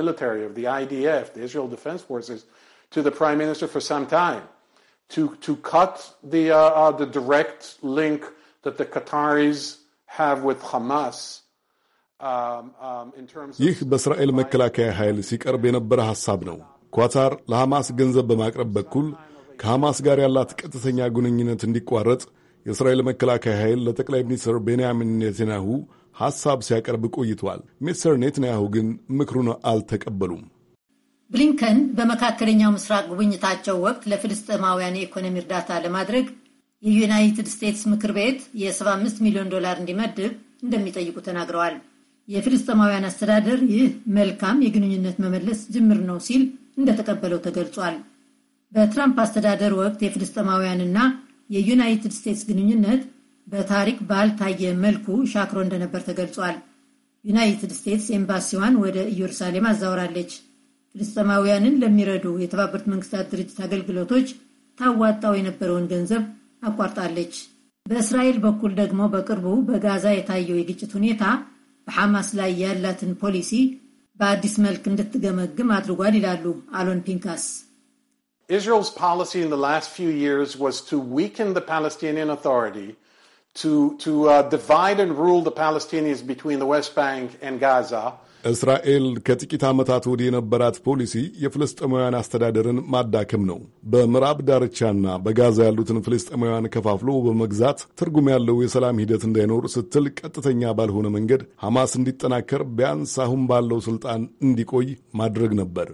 [SPEAKER 4] ሚሊታሪ to, to cut the, uh, uh, the direct link that the Qataris have with Hamas. Um, um,
[SPEAKER 14] ይህ በእስራኤል መከላከያ ኃይል ሲቀርብ የነበረ ሐሳብ ነው። ኳታር ለሐማስ ገንዘብ በማቅረብ በኩል ከሐማስ ጋር ያላት ቀጥተኛ ግንኙነት እንዲቋረጥ የእስራኤል መከላከያ ኃይል ለጠቅላይ ሚኒስትር ቤንያሚን ኔትንያሁ ሐሳብ ሲያቀርብ ቆይቷል። ሚስተር ኔትንያሁ ግን ምክሩን አልተቀበሉም።
[SPEAKER 13] ብሊንከን በመካከለኛው ምስራቅ ጉብኝታቸው ወቅት ለፍልስጥማውያን የኢኮኖሚ እርዳታ ለማድረግ የዩናይትድ ስቴትስ ምክር ቤት የ75 ሚሊዮን ዶላር እንዲመድብ እንደሚጠይቁ ተናግረዋል። የፍልስጥማውያን አስተዳደር ይህ መልካም የግንኙነት መመለስ ጅምር ነው ሲል እንደተቀበለው ተገልጿል። በትራምፕ አስተዳደር ወቅት የፍልስጥማውያንና የዩናይትድ ስቴትስ ግንኙነት በታሪክ ባልታየ መልኩ ሻክሮ እንደነበር ተገልጿል። ዩናይትድ ስቴትስ ኤምባሲዋን ወደ ኢየሩሳሌም አዛውራለች። ፍልስጤማውያንን ለሚረዱ የተባበሩት መንግስታት ድርጅት አገልግሎቶች ታዋጣው የነበረውን ገንዘብ አቋርጣለች። በእስራኤል በኩል ደግሞ በቅርቡ በጋዛ የታየው የግጭት ሁኔታ በሐማስ ላይ ያላትን ፖሊሲ በአዲስ መልክ እንድትገመግም አድርጓል ይላሉ አሎን ፒንካስ።
[SPEAKER 4] Israel's policy in the last few years was to weaken the Palestinian Authority to, to uh, divide and rule the Palestinians between the West Bank and Gaza.
[SPEAKER 14] እስራኤል ከጥቂት ዓመታት ወዲህ የነበራት ፖሊሲ የፍልስጥማውያን አስተዳደርን ማዳከም ነው። በምዕራብ ዳርቻና በጋዛ ያሉትን ፍልስጥማውያን ከፋፍሎ በመግዛት ትርጉም ያለው የሰላም ሂደት እንዳይኖር ስትል ቀጥተኛ ባልሆነ መንገድ ሐማስ እንዲጠናከር፣ ቢያንስ አሁን ባለው ስልጣን እንዲቆይ ማድረግ ነበር።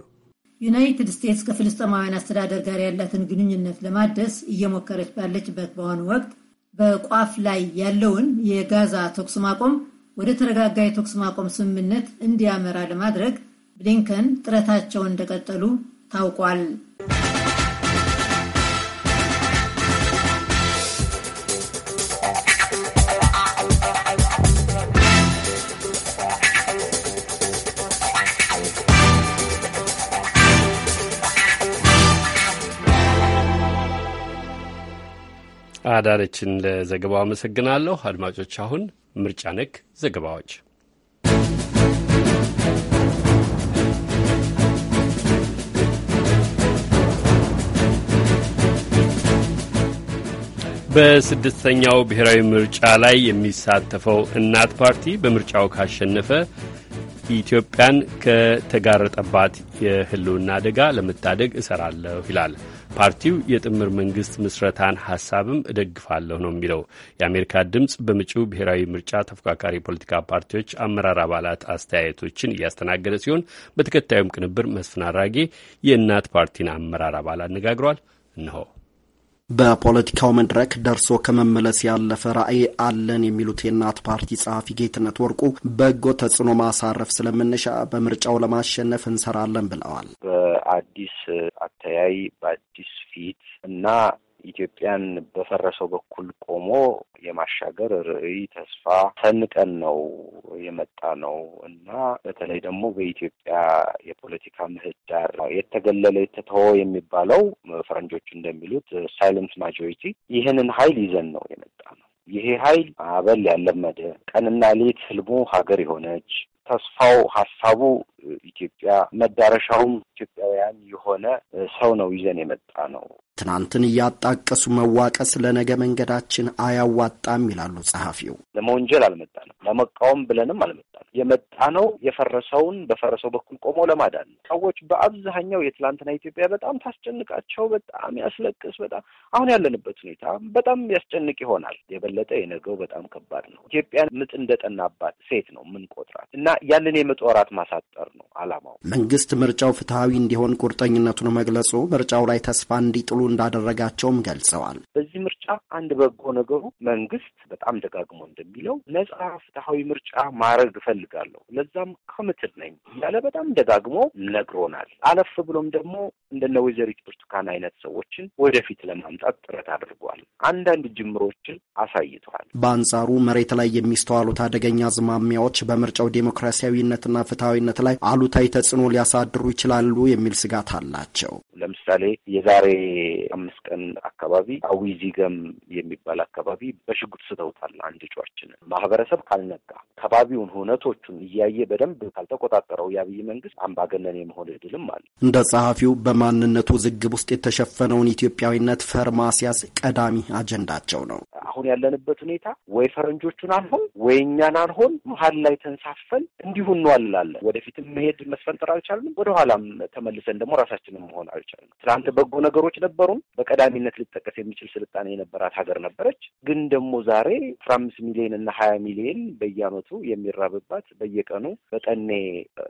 [SPEAKER 13] ዩናይትድ ስቴትስ ከፍልስጥማውያን አስተዳደር ጋር ያላትን ግንኙነት ለማደስ እየሞከረች ባለችበት በአሁኑ ወቅት በቋፍ ላይ ያለውን የጋዛ ተኩስ ማቆም ወደ ተረጋጋ የተኩስ ማቆም ስምምነት እንዲያመራ ለማድረግ ብሊንከን ጥረታቸውን እንደቀጠሉ ታውቋል።
[SPEAKER 1] አዳነችን ለዘገባው አመሰግናለሁ። አድማጮች፣ አሁን ምርጫ ነክ ዘገባዎች በስድስተኛው ብሔራዊ ምርጫ ላይ የሚሳተፈው እናት ፓርቲ በምርጫው ካሸነፈ ኢትዮጵያን ከተጋረጠባት የህልውና አደጋ ለመታደግ እሰራለሁ ይላል። ፓርቲው የጥምር መንግስት ምስረታን ሀሳብም እደግፋለሁ ነው የሚለው። የአሜሪካ ድምፅ በምጪው ብሔራዊ ምርጫ ተፎካካሪ የፖለቲካ ፓርቲዎች አመራር አባላት አስተያየቶችን እያስተናገደ ሲሆን በተከታዩም ቅንብር መስፍን አራጌ የእናት ፓርቲን አመራር አባል አነጋግሯል። እንሆ
[SPEAKER 7] በፖለቲካው መድረክ ደርሶ ከመመለስ ያለፈ ራዕይ አለን የሚሉት የእናት ፓርቲ ጸሐፊ ጌትነት ወርቁ በጎ ተጽዕኖ ማሳረፍ ስለምንሻ በምርጫው ለማሸነፍ እንሰራለን ብለዋል።
[SPEAKER 15] በአዲስ አተያይ፣ በአዲስ ፊት እና ኢትዮጵያን በፈረሰው በኩል ቆሞ የማሻገር ርዕይ ተስፋ ሰንቀን ነው የመጣ ነው እና በተለይ ደግሞ በኢትዮጵያ የፖለቲካ ምህዳር የተገለለ የተተወ የሚባለው ፈረንጆች እንደሚሉት ሳይለንት ማጆሪቲ ይህንን ኃይል ይዘን ነው የመጣ ነው። ይሄ ኃይል አበል ያለመደ ቀንና ሌት ህልሙ ሀገር የሆነች ተስፋው ሀሳቡ ኢትዮጵያ መዳረሻውም ኢትዮጵያውያን የሆነ ሰው ነው ይዘን የመጣ ነው
[SPEAKER 7] ትናንትን እያጣቀሱ መዋቀስ ለነገ መንገዳችን አያዋጣም ይላሉ ጸሐፊው።
[SPEAKER 15] ለመወንጀል አልመጣንም፣ ለመቃወም ብለንም አልመጣንም። የመጣ ነው የፈረሰውን በፈረሰው በኩል ቆሞ ለማዳን ነው። ሰዎች በአብዛኛው የትላንትና ኢትዮጵያ በጣም ታስጨንቃቸው፣ በጣም ያስለቅስ። በጣም አሁን ያለንበት ሁኔታ በጣም ያስጨንቅ ይሆናል። የበለጠ የነገው በጣም ከባድ ነው። ኢትዮጵያን ምጥ እንደጠናባት ሴት ነው ቆጥራት እና ያንን የምጥ ወራት ማሳጠር ነው አላማው።
[SPEAKER 7] መንግስት ምርጫው ፍትሐዊ እንዲሆን ቁርጠኝነቱን መግለጹ ምርጫው ላይ ተስፋ እንዲጥሉ እንዳደረጋቸውም ገልጸዋል።
[SPEAKER 15] በዚህ ምርጫ አንድ በጎ ነገሩ መንግስት በጣም ደጋግሞ እንደሚለው ነጻ ፍትሐዊ ምርጫ ማድረግ እፈልጋለሁ ለዛም ኮሚትድ ነኝ እያለ በጣም ደጋግሞ ነግሮናል። አለፍ ብሎም ደግሞ እንደነ ወይዘሪት ብርቱካን አይነት ሰዎችን ወደፊት ለማምጣት ጥረት አድርጓል። አንዳንድ ጅምሮችን አሳይተዋል።
[SPEAKER 7] በአንጻሩ መሬት ላይ የሚስተዋሉት አደገኛ አዝማሚያዎች በምርጫው ዴሞክራሲያዊነትና ፍትሐዊነት ላይ አሉታዊ ተጽዕኖ ሊያሳድሩ ይችላሉ የሚል ስጋት አላቸው።
[SPEAKER 15] ለምሳሌ የዛሬ አምስት ቀን አካባቢ አዊዚገም የሚባል አካባቢ በሽጉጥ ስተውታል። አንድ እጩአችንን ማህበረሰብ ካልነቃ ከባቢውን ሁነቶቹን እያየ በደንብ ካልተቆጣጠረው የአብይ መንግስት አምባገነን የመሆን እድልም አለ።
[SPEAKER 16] እንደ
[SPEAKER 7] ጸሐፊው በማንነቱ ዝግብ ውስጥ የተሸፈነውን ኢትዮጵያዊነት ፈርማሲያስ ቀዳሚ አጀንዳቸው ነው።
[SPEAKER 15] አሁን ያለንበት ሁኔታ ወይ ፈረንጆቹን አልሆን ወይ እኛን አልሆን መሀል ላይ ተንሳፈን እንዲሁ እንዋልላለን። ወደፊትም መሄድ መስፈንጠር አልቻልንም። ወደኋላም ተመልሰን ደግሞ ራሳችንም መሆን አልቻልንም። ትናንት በጎ ነገሮች ነበሩ። አንጻሩም በቀዳሚነት ሊጠቀስ የሚችል ስልጣኔ የነበራት ሀገር ነበረች። ግን ደግሞ ዛሬ አስራ አምስት ሚሊዮን እና ሀያ ሚሊዮን በየአመቱ የሚራብባት በየቀኑ በጠኔ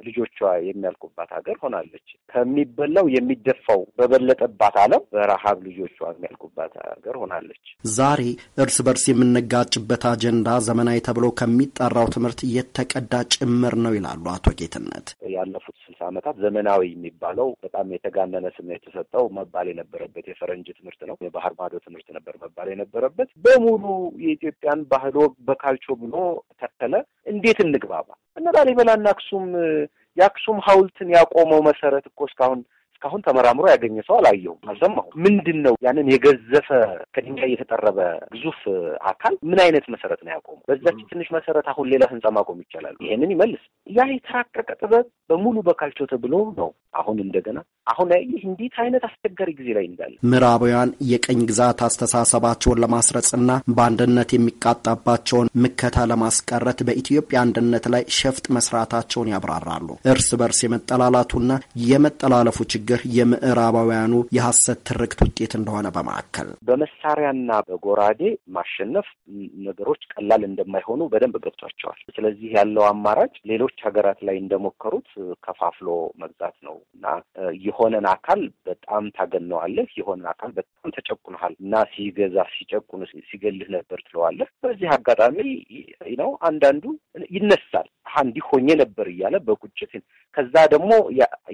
[SPEAKER 15] ልጆቿ የሚያልቁባት ሀገር ሆናለች። ከሚበላው የሚደፋው በበለጠባት ዓለም በረሃብ ልጆቿ የሚያልቁባት ሀገር ሆናለች።
[SPEAKER 7] ዛሬ እርስ በርስ የምንጋጭበት አጀንዳ ዘመናዊ ተብሎ ከሚጠራው ትምህርት የተቀዳ ጭምር ነው ይላሉ አቶ ጌትነት
[SPEAKER 15] ያለፉት ሃምሳ ዓመታት ዘመናዊ የሚባለው በጣም የተጋነነ ስም የተሰጠው መባል የነበረበት የፈረንጅ ትምህርት ነው፣ የባህር ማዶ ትምህርት ነበር መባል የነበረበት። በሙሉ የኢትዮጵያን ባህል ወግ በካልቾ ብሎ ተከለ። እንዴት እንግባባ? እነ ላሊበላና አክሱም የአክሱም ሐውልትን ያቆመው መሰረት እኮ እስካሁን እስካሁን ተመራምሮ ያገኘ ሰው አላየሁም፣ አልሰማሁም። ምንድን ነው ያንን የገዘፈ ከድንጋይ የተጠረበ ግዙፍ አካል ምን አይነት መሰረት ነው ያቆመው? በዛች ትንሽ መሰረት አሁን ሌላ ህንጻ ማቆም ይቻላል? ይሄንን ይመልስ። ያ የተራቀቀ ጥበብ በሙሉ በካልቾ ተብሎ ነው አሁን እንደገና አሁን ይህ እንዴት አይነት አስቸጋሪ ጊዜ ላይ እንዳለ
[SPEAKER 7] ምዕራባውያን የቀኝ ግዛት አስተሳሰባቸውን ለማስረጽና በአንድነት የሚቃጣባቸውን ምከታ ለማስቀረት በኢትዮጵያ አንድነት ላይ ሸፍጥ መስራታቸውን ያብራራሉ። እርስ በርስ የመጠላላቱና የመጠላለፉ ችግር ችግር የምዕራባውያኑ የሐሰት ትርክት ውጤት እንደሆነ በማዕከል
[SPEAKER 15] በመሳሪያና በጎራዴ ማሸነፍ ነገሮች ቀላል እንደማይሆኑ በደንብ ገብቷቸዋል። ስለዚህ ያለው አማራጭ ሌሎች ሀገራት ላይ እንደሞከሩት ከፋፍሎ መግዛት ነው እና የሆነን አካል በጣም ታገነዋለህ፣ የሆነን አካል በጣም ተጨቁነሃል እና ሲገዛ ሲጨቁን ሲገልህ ነበር ትለዋለህ። በዚህ አጋጣሚ ነው አንዳንዱ ይነሳል እንዲህ ሆኜ ነበር እያለ በቁጭት ከዛ ደግሞ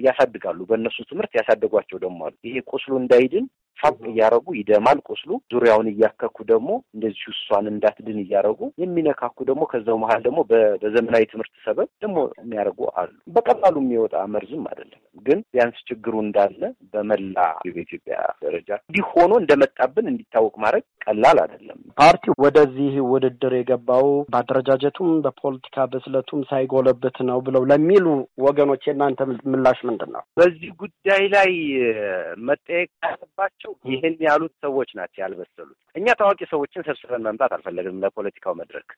[SPEAKER 15] ያሳድጋሉ። በእነሱ ትምህርት ያሳደጓቸው ደግሞ አሉ። ይሄ ቁስሉ እንዳይድን ፋቅ እያረጉ ይደማል ቁስሉ። ዙሪያውን እያከኩ ደግሞ እንደዚህ እሷን እንዳትድን እያረጉ የሚነካኩ ደግሞ ከዛው መሀል ደግሞ በዘመናዊ ትምህርት ሰበብ ደግሞ የሚያደርጉ አሉ። በቀላሉ የሚወጣ መርዝም አይደለም፣ ግን ቢያንስ ችግሩ እንዳለ በመላ በኢትዮጵያ ደረጃ እንዲህ ሆኖ እንደመጣብን እንዲታወቅ ማድረግ ቀላል አይደለም።
[SPEAKER 7] ፓርቲው ወደዚህ ውድድር የገባው በአደረጃጀቱም በፖለቲካ ብስለቱም ሳይጎለብት ነው ብለው ለሚሉ ወገኖች የእናንተ ምላሽ ምንድን ነው?
[SPEAKER 15] በዚህ ጉዳይ ላይ መጠየቅ ያለባቸው ናቸው። ይህን ያሉት ሰዎች ናቸው ያልበሰሉት። እኛ ታዋቂ ሰዎችን ሰብስበን መምጣት አልፈለግንም። ለፖለቲካው መድረክ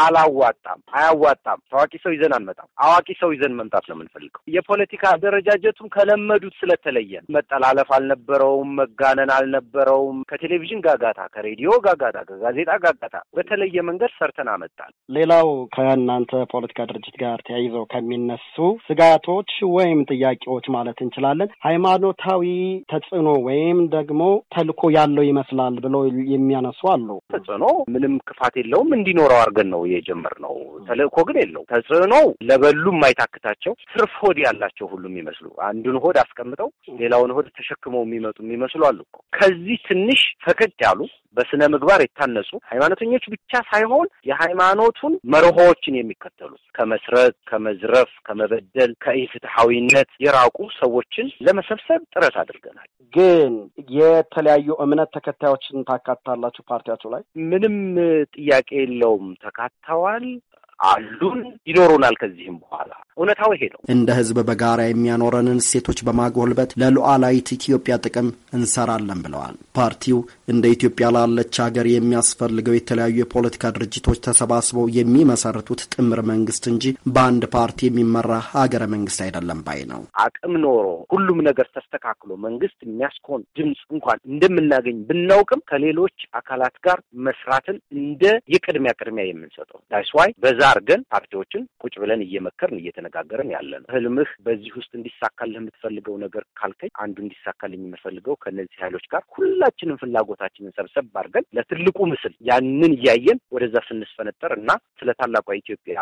[SPEAKER 15] አላዋጣም፣ አያዋጣም። ታዋቂ ሰው ይዘን አንመጣም። አዋቂ ሰው ይዘን መምጣት ነው የምንፈልገው። የፖለቲካ አደረጃጀቱም ከለመዱት ስለተለየ መጠላለፍ አልነበረውም፣ መጋነን አልነበረውም። ከቴሌቪዥን ጋጋታ፣ ከሬዲዮ ጋጋታ፣ ከጋዜጣ ጋጋታ በተለየ መንገድ ሰርተን አመጣል።
[SPEAKER 7] ሌላው ከእናንተ ፖለቲካ ድርጅት ጋር ተያይዘው ከሚነሱ ስጋቶች ወይም ጥያቄዎች ማለት እንችላለን ሃይማኖታዊ ተጽዕኖ ወይም ደግሞ ደግሞ ተልኮ ያለው ይመስላል ብለው የሚያነሱ
[SPEAKER 15] አሉ። ተጽዕኖ ምንም ክፋት የለውም እንዲኖረው አድርገን ነው የጀመርነው። ተልእኮ ግን የለው። ተጽዕኖ ለበሉ የማይታክታቸው ስርፍ ሆድ ያላቸው ሁሉ የሚመስሉ አንዱን ሆድ አስቀምጠው ሌላውን ሆድ ተሸክመው የሚመጡ የሚመስሉ አሉ። ከዚህ ትንሽ ፈቀድ ያሉ በስነ ምግባር የታነጹ ሃይማኖተኞች ብቻ ሳይሆን የሃይማኖቱን መርሆዎችን የሚከተሉ ከመስረት፣ ከመዝረፍ፣ ከመበደል፣ ከኢፍትሐዊነት የራቁ ሰዎችን ለመሰብሰብ ጥረት አድርገናል።
[SPEAKER 7] ግን የተለያዩ እምነት ተከታዮችን ታካታላችሁ
[SPEAKER 15] ፓርቲያችሁ ላይ? ምንም ጥያቄ የለውም። ተካተዋል። አሉን፣ ይኖሩናል። ከዚህም በኋላ እውነታው ይሄ ነው።
[SPEAKER 7] እንደ ህዝብ በጋራ የሚያኖረንን እሴቶች በማጎልበት ለሉዓላዊት ኢትዮጵያ ጥቅም እንሰራለን ብለዋል። ፓርቲው እንደ ኢትዮጵያ ላለች ሀገር የሚያስፈልገው የተለያዩ የፖለቲካ ድርጅቶች ተሰባስበው የሚመሰርቱት ጥምር መንግስት እንጂ በአንድ ፓርቲ የሚመራ ሀገረ መንግስት አይደለም ባይ ነው።
[SPEAKER 15] አቅም ኖሮ ሁሉም ነገር ተስተካክሎ መንግስት የሚያስኮን ድምፅ እንኳን እንደምናገኝ ብናውቅም ከሌሎች አካላት ጋር መስራትን እንደ የቅድሚያ ቅድሚያ የምንሰጠው ዳይስዋይ በዛ አርገን ፓርቲዎችን ቁጭ ብለን እየመከርን እየተነጋገርን ያለ ነው። ህልምህ በዚህ ውስጥ እንዲሳካልህ የምትፈልገው ነገር ካልከኝ አንዱ እንዲሳካልኝ የምፈልገው ከእነዚህ ኃይሎች ጋር ሁላችንም ፍላጎታችንን ሰብሰብ አድርገን ለትልቁ ምስል ያንን እያየን ወደዛ ስንስፈነጠር እና ስለ ታላቋ ኢትዮጵያ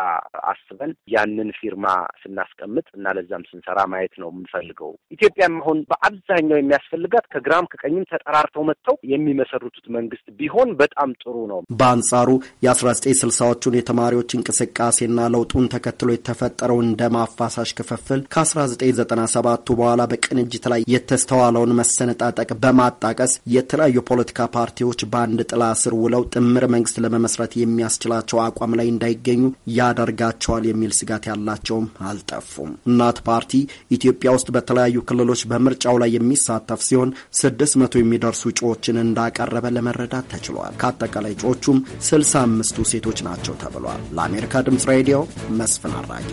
[SPEAKER 15] አስበን ያንን ፊርማ ስናስቀምጥ እና ለዛም ስንሰራ ማየት ነው የምንፈልገው። ኢትዮጵያም አሁን በአብዛኛው የሚያስፈልጋት ከግራም ከቀኝም ተጠራርተው መጥተው የሚመሰርቱት መንግስት ቢሆን በጣም ጥሩ ነው።
[SPEAKER 7] በአንጻሩ የአስራ ዘጠኝ ስልሳዎቹን የተማሪዎች እንቅስቃሴ እንቅስቃሴና ለውጡን ተከትሎ የተፈጠረው እንደ ማፋሳሽ ክፍፍል ከ1997ቱ በኋላ በቅንጅት ላይ የተስተዋለውን መሰነጣጠቅ በማጣቀስ የተለያዩ የፖለቲካ ፓርቲዎች በአንድ ጥላ ስር ውለው ጥምር መንግስት ለመመስረት የሚያስችላቸው አቋም ላይ እንዳይገኙ ያደርጋቸዋል የሚል ስጋት ያላቸውም አልጠፉም። እናት ፓርቲ ኢትዮጵያ ውስጥ በተለያዩ ክልሎች በምርጫው ላይ የሚሳተፍ ሲሆን ስድስት መቶ የሚደርሱ እጩዎችን እንዳቀረበ ለመረዳት ተችሏል። ከአጠቃላይ እጩዎቹም 65 ቱ ሴቶች ናቸው ተብሏል። ለአሜሪካ ድምፅ ሬዲዮ መስፍን አራጊ።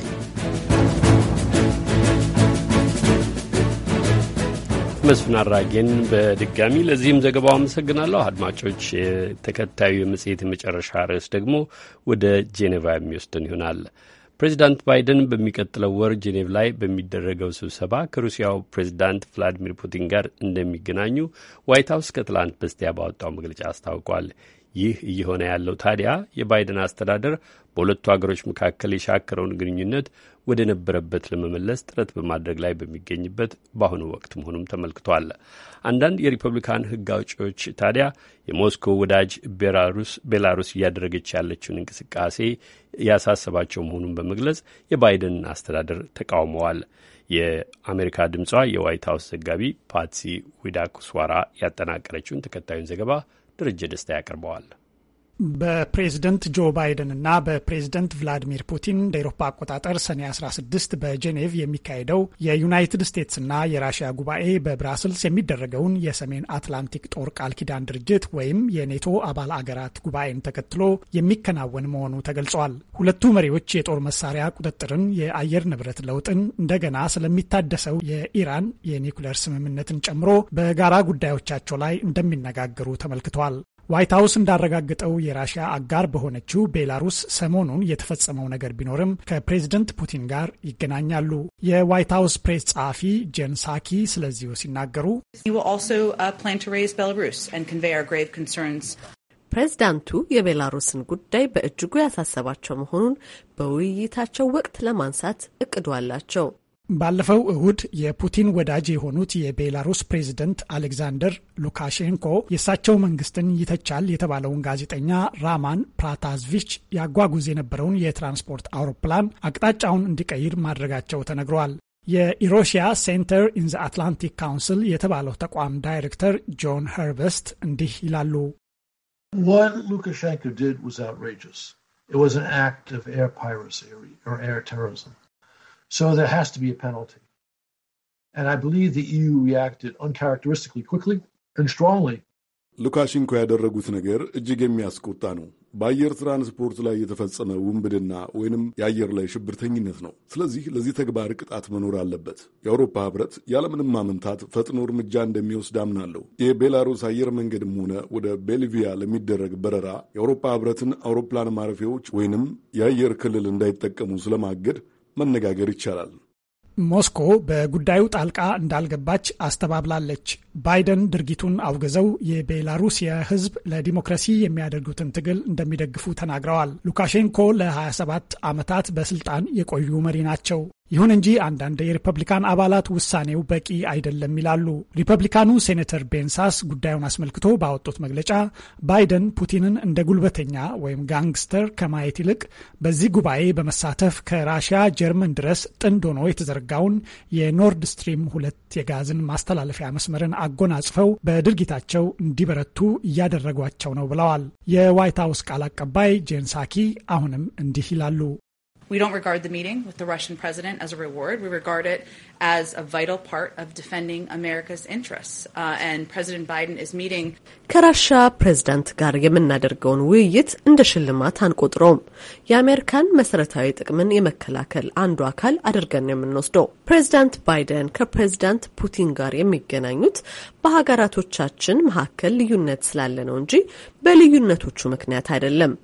[SPEAKER 1] መስፍን አራጌን በድጋሚ ለዚህም ዘገባው አመሰግናለሁ። አድማጮች፣ ተከታዩ የመጽሔት የመጨረሻ ርዕስ ደግሞ ወደ ጄኔቫ የሚወስድን ይሆናል። ፕሬዚዳንት ባይደን በሚቀጥለው ወር ጄኔቭ ላይ በሚደረገው ስብሰባ ከሩሲያው ፕሬዚዳንት ቭላዲሚር ፑቲን ጋር እንደሚገናኙ ዋይት ሀውስ ከትላንት በስቲያ ባወጣው መግለጫ አስታውቋል። ይህ እየሆነ ያለው ታዲያ የባይደን አስተዳደር በሁለቱ ሀገሮች መካከል የሻከረውን ግንኙነት ወደ ነበረበት ለመመለስ ጥረት በማድረግ ላይ በሚገኝበት በአሁኑ ወቅት መሆኑም ተመልክቷል። አንዳንድ የሪፐብሊካን ሕግ አውጪዎች ታዲያ የሞስኮ ወዳጅ ቤላሩስ ቤላሩስ እያደረገች ያለችውን እንቅስቃሴ ያሳሰባቸው መሆኑን በመግለጽ የባይደን አስተዳደር ተቃውመዋል። የአሜሪካ ድምጿ የዋይት ሀውስ ዘጋቢ ፓትሲ ዊዳኩስዋራ ያጠናቀረችውን ተከታዩን ዘገባ ደረጀ ደስታ ያቀርበዋል።
[SPEAKER 6] በፕሬዝደንት ጆ ባይደን እና በፕሬዝደንት ቭላዲሚር ፑቲን እንደ ኤሮፓ አቆጣጠር ሰኔ 16 በጄኔቭ የሚካሄደው የዩናይትድ ስቴትስ እና የራሽያ ጉባኤ በብራስልስ የሚደረገውን የሰሜን አትላንቲክ ጦር ቃል ኪዳን ድርጅት ወይም የኔቶ አባል አገራት ጉባኤን ተከትሎ የሚከናወን መሆኑ ተገልጿል። ሁለቱ መሪዎች የጦር መሳሪያ ቁጥጥርን፣ የአየር ንብረት ለውጥን፣ እንደገና ስለሚታደሰው የኢራን የኒውክሌር ስምምነትን ጨምሮ በጋራ ጉዳዮቻቸው ላይ እንደሚነጋገሩ ተመልክቷል። ዋይት ሀውስ እንዳረጋገጠው የራሽያ አጋር በሆነችው ቤላሩስ ሰሞኑን የተፈጸመው ነገር ቢኖርም ከፕሬዝደንት ፑቲን ጋር ይገናኛሉ። የዋይት ሀውስ ፕሬስ ጸሐፊ ጄን ሳኪ ስለዚሁ ሲናገሩ
[SPEAKER 12] uh,
[SPEAKER 3] ፕሬዝዳንቱ የቤላሩስን ጉዳይ በእጅጉ ያሳሰባቸው መሆኑን በውይይታቸው
[SPEAKER 6] ወቅት ለማንሳት እቅዱ አላቸው። ባለፈው እሁድ የፑቲን ወዳጅ የሆኑት የቤላሩስ ፕሬዝደንት አሌክዛንደር ሉካሼንኮ የእሳቸው መንግስትን ይተቻል የተባለውን ጋዜጠኛ ራማን ፕራታዝቪች ያጓጉዝ የነበረውን የትራንስፖርት አውሮፕላን አቅጣጫውን እንዲቀይር ማድረጋቸው ተነግሯል። የኢሮሽያ ሴንተር ኢን ዘ አትላንቲክ ካውንስል የተባለው ተቋም ዳይሬክተር ጆን ኸርበስት እንዲህ ይላሉ።
[SPEAKER 10] ሉካሼንኮ So there has to be a penalty. And I believe the EU reacted uncharacteristically quickly and strongly.
[SPEAKER 14] ሉካሽንኮ ያደረጉት ነገር እጅግ የሚያስቆጣ ነው። በአየር ትራንስፖርት ላይ የተፈጸመ ውንብድና ወይንም የአየር ላይ ሽብርተኝነት ነው። ስለዚህ ለዚህ ተግባር ቅጣት መኖር አለበት። የአውሮፓ ሕብረት ያለምንም ማመንታት ፈጥኖ እርምጃ እንደሚወስድ አምናለሁ። የቤላሩስ አየር መንገድም ሆነ ወደ ቤልቪያ ለሚደረግ በረራ የአውሮፓ ሕብረትን አውሮፕላን ማረፊያዎች ወይንም የአየር ክልል እንዳይጠቀሙ ስለማገድ መነጋገር ይቻላል።
[SPEAKER 6] ሞስኮ በጉዳዩ ጣልቃ እንዳልገባች አስተባብላለች። ባይደን ድርጊቱን አውግዘው የቤላሩስ የህዝብ ለዲሞክራሲ የሚያደርጉትን ትግል እንደሚደግፉ ተናግረዋል። ሉካሼንኮ ለ27 ዓመታት በስልጣን የቆዩ መሪ ናቸው። ይሁን እንጂ አንዳንድ የሪፐብሊካን አባላት ውሳኔው በቂ አይደለም ይላሉ። ሪፐብሊካኑ ሴኔተር ቤንሳስ ጉዳዩን አስመልክቶ ባወጡት መግለጫ ባይደን ፑቲንን እንደ ጉልበተኛ ወይም ጋንግስተር ከማየት ይልቅ በዚህ ጉባኤ በመሳተፍ ከራሽያ ጀርመን ድረስ ጥንድ ሆኖ የተዘረጋውን የኖርድ ስትሪም ሁለት የጋዝን ማስተላለፊያ መስመርን አጎናጽፈው በድርጊታቸው እንዲበረቱ እያደረጓቸው ነው ብለዋል። የዋይት ሀውስ ቃል አቀባይ ጄንሳኪ ሳኪ አሁንም እንዲህ ይላሉ።
[SPEAKER 12] We don't regard the meeting with the Russian president as a reward. We regard it as a vital part of defending America's interests. Uh, and President Biden is meeting
[SPEAKER 3] ከራሻ ፕሬዝዳንት ጋር የምናደርገውን ውይይት እንደ ሽልማት አንቆጥረውም። የአሜሪካን መሰረታዊ ጥቅምን የመከላከል አንዱ አካል አድርገን ነው የምንወስደው። ፕሬዝዳንት ባይደን ከፕሬዝዳንት ፑቲን ጋር የሚገናኙት በሀገራቶቻችን መካከል ልዩነት ስላለ ነው እንጂ በልዩነቶቹ ምክንያት አይደለም።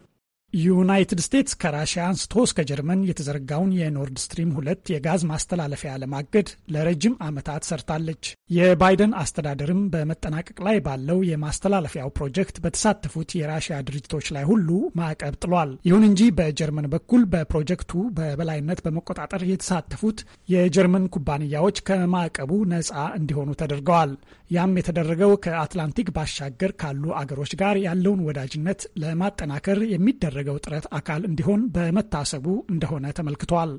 [SPEAKER 6] ዩናይትድ ስቴትስ ከራሽያ አንስቶ እስከ ጀርመን የተዘረጋውን የኖርድ ስትሪም ሁለት የጋዝ ማስተላለፊያ ለማገድ ለረጅም ዓመታት ሰርታለች። የባይደን አስተዳደርም በመጠናቀቅ ላይ ባለው የማስተላለፊያው ፕሮጀክት በተሳተፉት የራሽያ ድርጅቶች ላይ ሁሉ ማዕቀብ ጥሏል። ይሁን እንጂ በጀርመን በኩል በፕሮጀክቱ በበላይነት በመቆጣጠር የተሳተፉት የጀርመን ኩባንያዎች ከማዕቀቡ ነፃ እንዲሆኑ ተደርገዋል። ያም የተደረገው ከአትላንቲክ ባሻገር ካሉ አገሮች ጋር ያለውን ወዳጅነት ለማጠናከር የሚደረገው ጥረት አካል እንዲሆን በመታሰቡ እንደሆነ ተመልክቷል።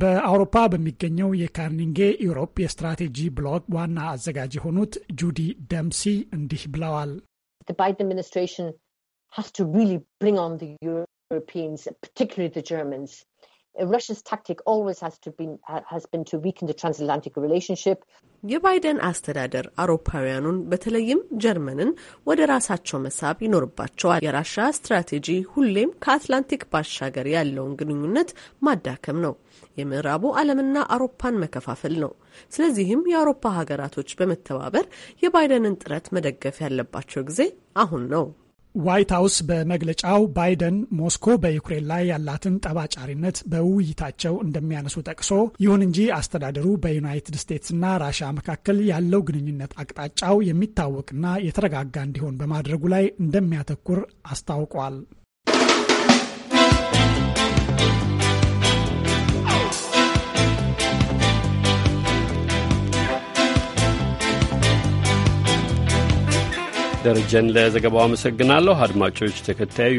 [SPEAKER 6] በአውሮፓ በሚገኘው የካርኒንጌ ዩሮፕ የስትራቴጂ ብሎግ ዋና አዘጋጅ የሆኑት ጁዲ ደምሲ እንዲህ ብለዋል።
[SPEAKER 3] has to be has been to weaken the transatlantic relationship. የባይደን አስተዳደር አውሮፓውያኑን በተለይም ጀርመንን ወደ ራሳቸው መሳብ ይኖርባቸዋል። የራሻ ስትራቴጂ ሁሌም ከአትላንቲክ ባሻገር ያለውን ግንኙነት ማዳከም ነው። የምዕራቡ ዓለምና አውሮፓን መከፋፈል ነው። ስለዚህም የአውሮፓ ሀገራቶች በመተባበር የባይደንን ጥረት መደገፍ ያለባቸው ጊዜ አሁን ነው።
[SPEAKER 6] ዋይት ሀውስ በመግለጫው ባይደን ሞስኮ በዩክሬን ላይ ያላትን ጠባጫሪነት በውይይታቸው እንደሚያነሱ ጠቅሶ ይሁን እንጂ አስተዳደሩ በዩናይትድ ስቴትስና ራሽያ መካከል ያለው ግንኙነት አቅጣጫው የሚታወቅና የተረጋጋ እንዲሆን በማድረጉ ላይ እንደሚያተኩር አስታውቋል።
[SPEAKER 1] ደረጀን ለዘገባው አመሰግናለሁ። አድማጮች፣ ተከታዩ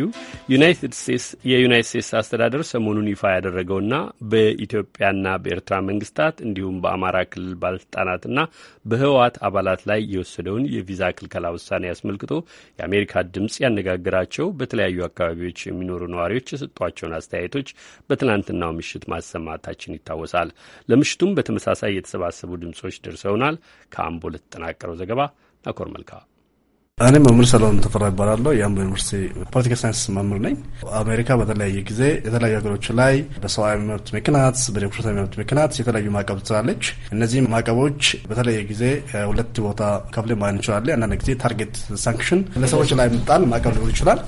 [SPEAKER 1] ዩናይትድ ስቴትስ የዩናይት ስቴትስ አስተዳደር ሰሞኑን ይፋ ያደረገውና በኢትዮጵያና በኤርትራ መንግስታት እንዲሁም በአማራ ክልል ባለስልጣናትና በህወሓት አባላት ላይ የወሰደውን የቪዛ ክልከላ ውሳኔ አስመልክቶ የአሜሪካ ድምፅ ያነጋግራቸው በተለያዩ አካባቢዎች የሚኖሩ ነዋሪዎች የሰጧቸውን አስተያየቶች በትናንትናው ምሽት ማሰማታችን ይታወሳል። ለምሽቱም በተመሳሳይ የተሰባሰቡ ድምጾች ደርሰውናል። ከአምቦ ለተጠናቀረው ዘገባ ናኮር መልካ
[SPEAKER 4] እኔ መምህር ሰለሞን ተፈራ ይባላለሁ። የአምቦ ዩኒቨርሲቲ ፖለቲካ ሳይንስ መምህር ነኝ። አሜሪካ በተለያየ ጊዜ የተለያዩ ሀገሮች ላይ በሰብአዊ መብት ምክንያት፣ በዴሞክራሲያዊ መብት ምክንያት የተለያዩ ማዕቀብ ትላለች። እነዚህ ማዕቀቦች በተለያየ ጊዜ ሁለት ቦታ ከፍለ ማን እንችላለን። አንዳንድ ጊዜ ታርጌት ሳንክሽን ለሰዎች ላይ የምጣል ማዕቀብ ሊሆን ይችላል።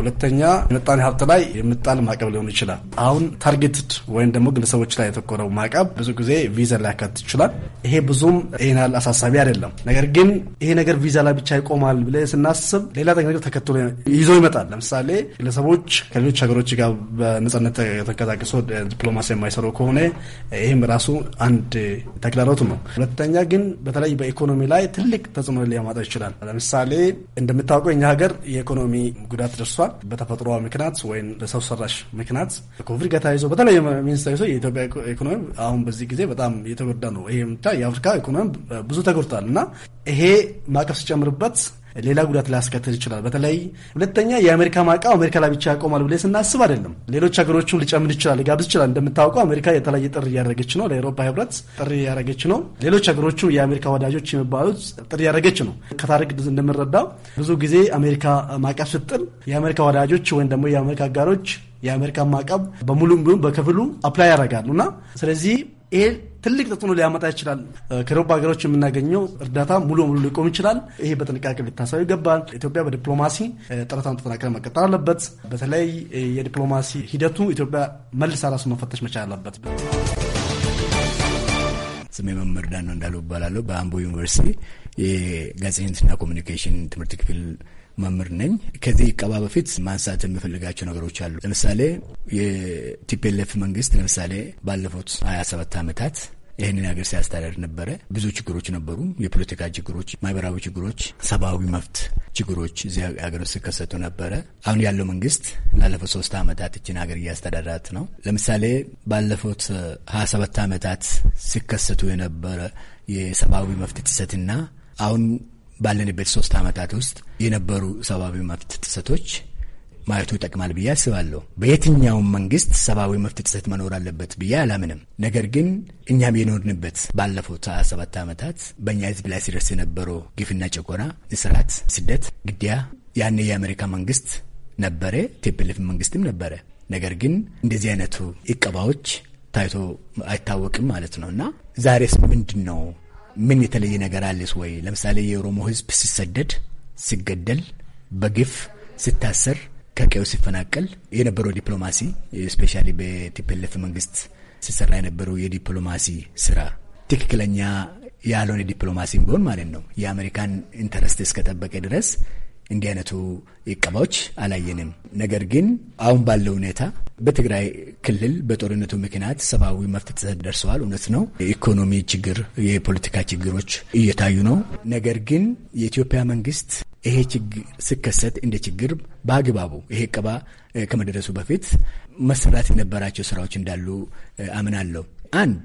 [SPEAKER 4] ሁለተኛ ምጣኔ ሀብት ላይ የምጣል ማዕቀብ ሊሆን ይችላል። አሁን ታርጌትድ ወይም ደግሞ ግለሰቦች ላይ የተኮረው ማዕቀብ ብዙ ጊዜ ቪዛ ላይ ያካትት ይችላል። ይሄ ብዙም ይህን ያህል አሳሳቢ አይደለም። ነገር ግን ይሄ ነገር ቪዛ ላይ ብቻ ይቆማል ይጠቅማል ብለን ስናስብ ሌላ ነገር ተከትሎ ይዞ ይመጣል። ለምሳሌ ግለሰቦች ከሌሎች ሀገሮች ጋር በነጻነት ተንቀሳቅሶ ዲፕሎማሲ የማይሰሩ ከሆነ ይህም ራሱ አንድ ተግዳሮት ነው። ሁለተኛ ግን በተለይ በኢኮኖሚ ላይ ትልቅ ተጽዕኖ ሊያመጣ ይችላል። ለምሳሌ እንደምታውቀው እኛ ሀገር የኢኮኖሚ ጉዳት ደርሷል። በተፈጥሮ ምክንያት ወይም በሰው ሰራሽ ምክንያት ኮቪድ ጋር ተያይዞ በተለይ ሚኒስተር ይዞ የኢትዮጵያ ኢኮኖሚ አሁን በዚህ ጊዜ በጣም የተጎዳ ነው። ይሄ ብቻ የአፍሪካ ኢኮኖሚ ብዙ ተጎድቷል እና ይሄ ማዕቀፍ ሲጨምርበት ሌላ ጉዳት ሊያስከትል ይችላል። በተለይ ሁለተኛ የአሜሪካ ማዕቀብ አሜሪካ ላይ ብቻ ያቆማል ብለ ስናስብ አይደለም። ሌሎች ሀገሮችም ሊጨምር ይችላል፣ ሊጋብዝ ይችላል። እንደምታውቀው አሜሪካ የተለያየ ጥሪ እያደረገች ነው፣ ለአውሮፓ ህብረት ጥሪ እያደረገች ነው። ሌሎች ሀገሮችም የአሜሪካ ወዳጆች የሚባሉት ጥሪ እያደረገች ነው። ከታሪክ እንደምንረዳው ብዙ ጊዜ አሜሪካ ማዕቀብ ስጥል የአሜሪካ ወዳጆች ወይም ደግሞ የአሜሪካ አጋሮች የአሜሪካን ማዕቀብ በሙሉም ቢሆን በክፍሉ አፕላይ ያደርጋሉ እና ስለዚህ ይሄ ትልቅ ተጽዕኖ ሊያመጣ ይችላል። ከደቡብ ሀገሮች የምናገኘው እርዳታ ሙሉ ሙሉ ሊቆም ይችላል። ይሄ በጥንቃቄ ሊታሰብ ይገባል። ኢትዮጵያ በዲፕሎማሲ ጥረቷን ተጠናክራ መቀጠል አለበት። በተለይ የዲፕሎማሲ ሂደቱ ኢትዮጵያ መልስ ራሱ መፈተሽ መቻል አለበት።
[SPEAKER 17] ስሜ መምህር ዳን ነው እንዳሉ ይባላለሁ። በአምቦ ዩኒቨርሲቲ የጋዜጠኝነትና ኮሚኒኬሽን ትምህርት ክፍል መምህር ነኝ። ከዚህ ቀባ በፊት ማንሳት የምፈልጋቸው ነገሮች አሉ። ለምሳሌ የቲፒኤልኤፍ መንግስት ለምሳሌ ባለፉት ሀያ ሰባት ዓመታት ይህንን ሀገር ሲያስተዳደር ነበረ። ብዙ ችግሮች ነበሩ። የፖለቲካ ችግሮች፣ ማህበራዊ ችግሮች፣ ሰብአዊ መብት ችግሮች እዚህ ሀገር ውስጥ ሲከሰቱ ነበረ። አሁን ያለው መንግስት ላለፉት ሶስት ዓመታት እችን ሀገር እያስተዳዳት ነው። ለምሳሌ ባለፉት ሀያ ሰባት ዓመታት ሲከሰቱ የነበረ የሰብአዊ መብት ጥሰትና አሁን ባለንበት ሶስት ዓመታት ውስጥ የነበሩ ሰብአዊ መብት ጥሰቶች ማየቱ ይጠቅማል ብዬ አስባለሁ። በየትኛውም መንግስት ሰብአዊ መብት ጥሰት መኖር አለበት ብዬ አላምንም። ነገር ግን እኛም የኖርንበት ባለፉት ሰባት ዓመታት በእኛ ህዝብ ላይ ሲደርስ የነበረው ግፍና ጭቆና፣ እስራት፣ ስደት፣ ግድያ ያኔ የአሜሪካ መንግስት ነበረ፣ ቴፕልፍ መንግስትም ነበረ። ነገር ግን እንደዚህ አይነቱ እቀባዎች ታይቶ አይታወቅም ማለት ነው እና ዛሬስ ምንድን ነው ምን የተለየ ነገር አለስ ወይ? ለምሳሌ የኦሮሞ ህዝብ ሲሰደድ፣ ሲገደል፣ በግፍ ሲታሰር፣ ከቀዩ ሲፈናቀል የነበረው ዲፕሎማሲ ስፔሻሊ በቲፒኤልኤፍ መንግስት ሲሰራ የነበረው የዲፕሎማሲ ስራ ትክክለኛ ያልሆነ ዲፕሎማሲ ቢሆን ማለት ነው የአሜሪካን ኢንተረስት እስከጠበቀ ድረስ እንዲህ አይነቱ ይቀማዎች አላየንም። ነገር ግን አሁን ባለው ሁኔታ በትግራይ ክልል በጦርነቱ ምክንያት ሰብአዊ መብት ጥሰት ደርሰዋል። እውነት ነው። የኢኮኖሚ ችግር፣ የፖለቲካ ችግሮች እየታዩ ነው። ነገር ግን የኢትዮጵያ መንግስት ይሄ ችግር ስከሰት እንደ ችግር በአግባቡ ይሄ እቀባ ከመደረሱ በፊት መሰራት የነበራቸው ስራዎች እንዳሉ አምናለሁ። አንድ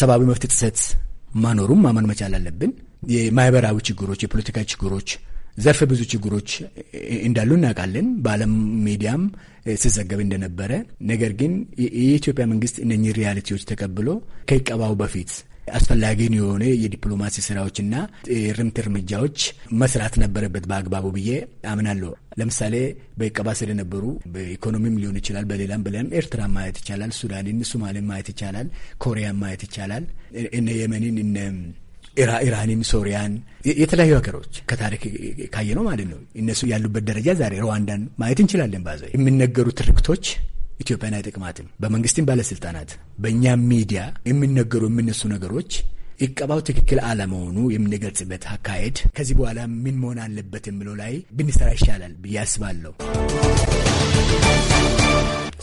[SPEAKER 17] ሰብአዊ መብት ጥሰት መኖሩም ማመን መቻል አለብን። የማህበራዊ ችግሮች፣ የፖለቲካ ችግሮች ዘርፈ ብዙ ችግሮች እንዳሉ እናውቃለን። በዓለም ሚዲያም ሲዘገብ እንደነበረ ነገር ግን የኢትዮጵያ መንግስት እነኚህ ሪያሊቲዎች ተቀብሎ ከይቀባው በፊት አስፈላጊን የሆነ የዲፕሎማሲ ስራዎችና ርምት እርምጃዎች መስራት ነበረበት በአግባቡ ብዬ አምናለሁ። ለምሳሌ በይቀባ ስለነበሩ በኢኮኖሚም ሊሆን ይችላል፣ በሌላም በሌላም ኤርትራ ማየት ይቻላል፣ ሱዳንን፣ ሱማሌን ማየት ይቻላል፣ ኮሪያን ማየት ይቻላል፣ እነ የመንን እነ ኢራንን፣ ሶሪያን፣ የተለያዩ ሀገሮች ከታሪክ ካየ ነው ማለት ነው። እነሱ ያሉበት ደረጃ ዛሬ ሩዋንዳን ማየት እንችላለን። ባዘ የሚነገሩ ትርክቶች ኢትዮጵያን አይጠቅማትም። በመንግስትም ባለስልጣናት፣ በእኛ ሚዲያ የሚነገሩ የሚነሱ ነገሮች ይቀባው ትክክል አለመሆኑ የምንገልጽበት አካሄድ ከዚህ በኋላ ምን መሆን አለበት የሚለው ላይ ብንሰራ ይሻላል ብዬ አስባለሁ።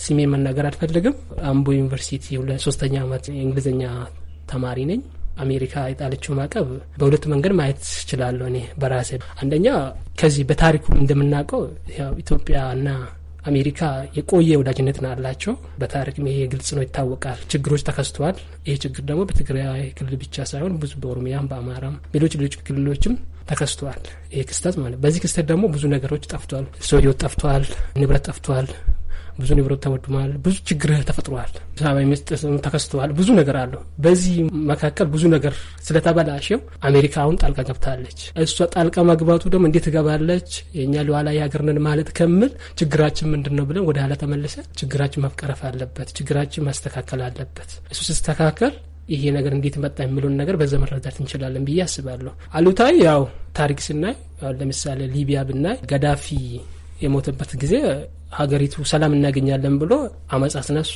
[SPEAKER 18] ስሜ መናገር አልፈልግም። አምቦ ዩኒቨርሲቲ ሶስተኛ ዓመት የእንግሊዝኛ ተማሪ ነኝ። አሜሪካ የጣለችው ማዕቀብ በሁለት መንገድ ማየት እችላለሁ እኔ በራሴ አንደኛ ከዚህ በታሪኩ እንደምናውቀው ያው ኢትዮጵያና አሜሪካ የቆየ ወዳጅነት ነው አላቸው። በታሪክም ይሄ ግልጽ ነው፣ ይታወቃል። ችግሮች ተከስተዋል። ይህ ችግር ደግሞ በትግራይ ክልል ብቻ ሳይሆን ብዙ በኦሮሚያም፣ በአማራም፣ ሌሎች ሌሎች ክልሎችም ተከስተዋል። ይህ ክስተት ማለት በዚህ ክስተት ደግሞ ብዙ ነገሮች ጠፍቷል። ሰው ህይወት ጠፍቷል፣ ንብረት ጠፍቷል፣ ብዙ ንብረት ተወድሟል። ብዙ ችግርህ ተፈጥሯል። ሰብአዊ መስጠት ተከስተዋል። ብዙ ነገር አለው። በዚህ መካከል ብዙ ነገር ስለተበላሸው አሜሪካ አሁን ጣልቃ ገብታለች። እሷ ጣልቃ መግባቱ ደግሞ እንዴት ትገባለች የእኛ ሉዓላዊ ሀገር ነን ማለት ከምል ችግራችን ምንድን ነው ብለን ወደ ኋላ ተመልሰ ችግራችን መፍቀረፍ አለበት። ችግራችን ማስተካከል አለበት። እሱ ሲስተካከል ይሄ ነገር እንዴት መጣ የሚለውን ነገር በዛ መረዳት እንችላለን ብዬ አስባለሁ። አሉታዊ ያው ታሪክ ስናይ ለምሳሌ ሊቢያ ብናይ ገዳፊ የሞተበት ጊዜ ሀገሪቱ ሰላም እናገኛለን ብሎ አመፅ አስነሱ።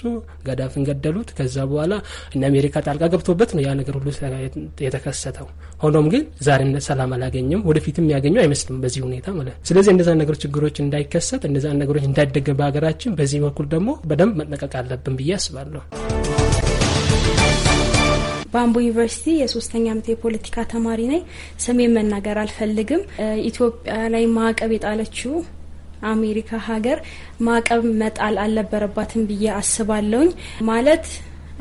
[SPEAKER 18] ጋዳፊን ገደሉት። ከዛ በኋላ እነ አሜሪካ ጣልቃ ገብቶበት ነው ያ ነገር ሁሉ የተከሰተው። ሆኖም ግን ዛሬ ሰላም አላገኘም፣ ወደፊትም ያገኙ አይመስልም በዚህ ሁኔታ ማለት ነው። ስለዚህ እንደዛ ነገሮች ችግሮች እንዳይከሰት እንደዛ ነገሮች እንዳይደገም በሀገራችን በዚህ በኩል ደግሞ በደንብ መጠንቀቅ አለብን ብዬ አስባለሁ።
[SPEAKER 2] በአምቦ ዩኒቨርሲቲ የሶስተኛ ዓመት የፖለቲካ ተማሪ ነኝ። ስሜን መናገር አልፈልግም። ኢትዮጵያ ላይ ማዕቀብ የጣለችው አሜሪካ ሀገር ማዕቀብ መጣል አልነበረባትም ብዬ አስባለሁኝ። ማለት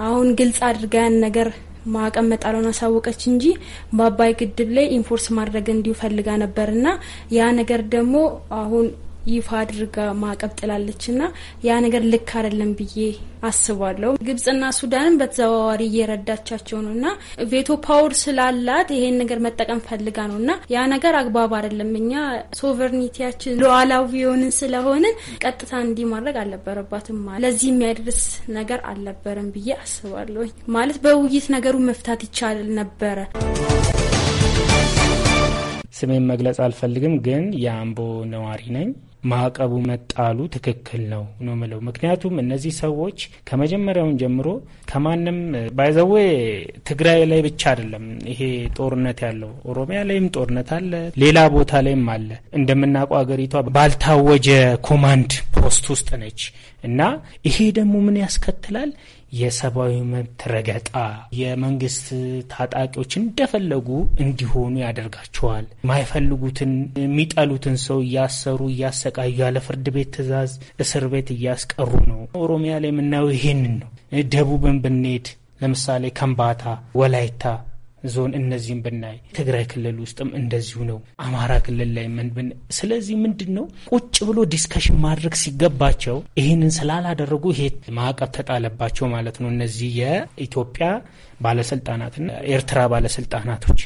[SPEAKER 2] አሁን ግልጽ አድርጋ ያን ነገር ማዕቀብ መጣሉን አሳወቀች እንጂ በአባይ ግድብ ላይ ኢንፎርስ ማድረግ እንዲሁ ፈልጋ ነበርና ያ ነገር ደግሞ አሁን ይፋ አድርጋ ማዕቀብ ጥላለች እና ያ ነገር ልክ አይደለም ብዬ አስባለሁ። ግብጽና ሱዳንን በተዘዋዋሪ እየረዳቻቸው ነው እና ቬቶ ፓወር ስላላት ይሄን ነገር መጠቀም ፈልጋ ነው እና ያ ነገር አግባብ አይደለም። እኛ ሶቨርኒቲያችን ሉዓላዊ የሆንን ስለሆንን ቀጥታ እንዲህ ማድረግ አልነበረባትም። ለዚህ የሚያደርስ ነገር አልነበረም ብዬ አስባለሁ። ማለት በውይይት ነገሩ መፍታት ይቻል ነበረ።
[SPEAKER 16] ስሜን መግለጽ አልፈልግም፣ ግን የአምቦ ነዋሪ ነኝ። ማዕቀቡ መጣሉ ትክክል ነው ነው ምለው። ምክንያቱም እነዚህ ሰዎች ከመጀመሪያውን ጀምሮ ከማንም ባይዘዌ ትግራይ ላይ ብቻ አይደለም ይሄ ጦርነት ያለው፣ ኦሮሚያ ላይም ጦርነት አለ፣ ሌላ ቦታ ላይም አለ። እንደምናውቀው ሀገሪቷ ባልታወጀ ኮማንድ ፖስት ውስጥ ነች እና ይሄ ደግሞ ምን ያስከትላል? የሰብአዊ መብት ረገጣ፣ የመንግስት ታጣቂዎች እንደፈለጉ እንዲሆኑ ያደርጋቸዋል። ማይፈልጉትን የሚጠሉትን ሰው እያሰሩ እያሰቃዩ ያለ ፍርድ ቤት ትዕዛዝ እስር ቤት እያስቀሩ ነው። ኦሮሚያ ላይ የምናየው ይሄንን ነው። ደቡብን ብንሄድ ለምሳሌ ከምባታ፣ ወላይታ ዞን እነዚህም ብናይ ትግራይ ክልል ውስጥም እንደዚሁ ነው። አማራ ክልል ላይ ምን ስለዚህ ምንድን ነው ቁጭ ብሎ ዲስከሽን ማድረግ ሲገባቸው ይህንን ስላላደረጉ ይሄ ማዕቀብ ተጣለባቸው ማለት ነው። እነዚህ የኢትዮጵያ ባለስልጣናትና ኤርትራ ባለስልጣናቶች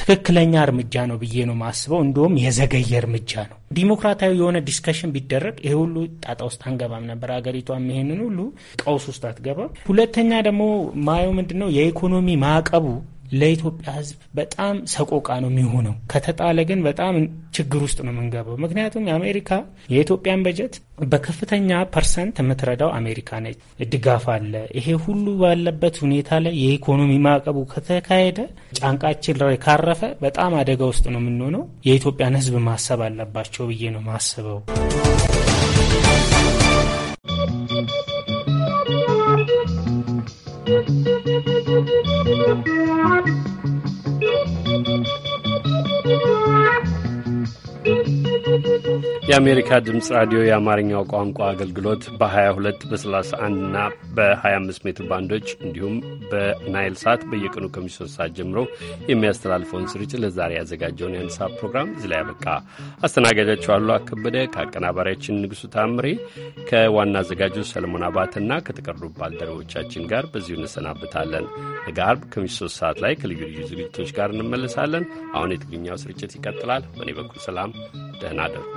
[SPEAKER 16] ትክክለኛ እርምጃ ነው ብዬ ነው ማስበው። እንዲሁም የዘገየ እርምጃ ነው። ዲሞክራታዊ የሆነ ዲስከሽን ቢደረግ ይህ ሁሉ ጣጣ ውስጥ አንገባም ነበር። ሀገሪቷም ይሄንን ሁሉ ቀውስ ውስጥ አትገባም። ሁለተኛ ደግሞ ማየው ምንድን ነው የኢኮኖሚ ማዕቀቡ ለኢትዮጵያ ሕዝብ በጣም ሰቆቃ ነው የሚሆነው። ከተጣለ ግን በጣም ችግር ውስጥ ነው የምንገባው። ምክንያቱም የአሜሪካ የኢትዮጵያን በጀት በከፍተኛ ፐርሰንት የምትረዳው አሜሪካ ነች። ድጋፍ አለ። ይሄ ሁሉ ባለበት ሁኔታ ላይ የኢኮኖሚ ማዕቀቡ ከተካሄደ ጫንቃችን ካረፈ በጣም አደጋ ውስጥ ነው የምንሆነው። የኢትዮጵያን ሕዝብ ማሰብ አለባቸው ብዬ ነው ማስበው።
[SPEAKER 1] የአሜሪካ ድምፅ ራዲዮ የአማርኛው ቋንቋ አገልግሎት በ22 በ31 እና በ25 ሜትር ባንዶች እንዲሁም በናይል ሳት በየቀኑ ከምሽቱ ሶስት ሰዓት ጀምሮ የሚያስተላልፈውን ስርጭት ለዛሬ ያዘጋጀውን የአንድ ሰዓት ፕሮግራም እዚህ ላይ ያበቃ። አስተናጋጃችሁ አሉ አከበደ ከአቀናባሪያችን ንጉሱ ታምሬ ከዋና አዘጋጁ ሰለሞን አባትና ከተቀሩ ባልደረቦቻችን ጋር በዚሁ እንሰናብታለን። ነገ አርብ ከምሽቱ ሶስት ሰዓት ላይ ከልዩ ልዩ ዝግጅቶች ጋር እንመለሳለን። አሁን የትግርኛው ስርጭት ይቀጥላል። በእኔ በኩል ሰላም፣ ደህና እደሩ።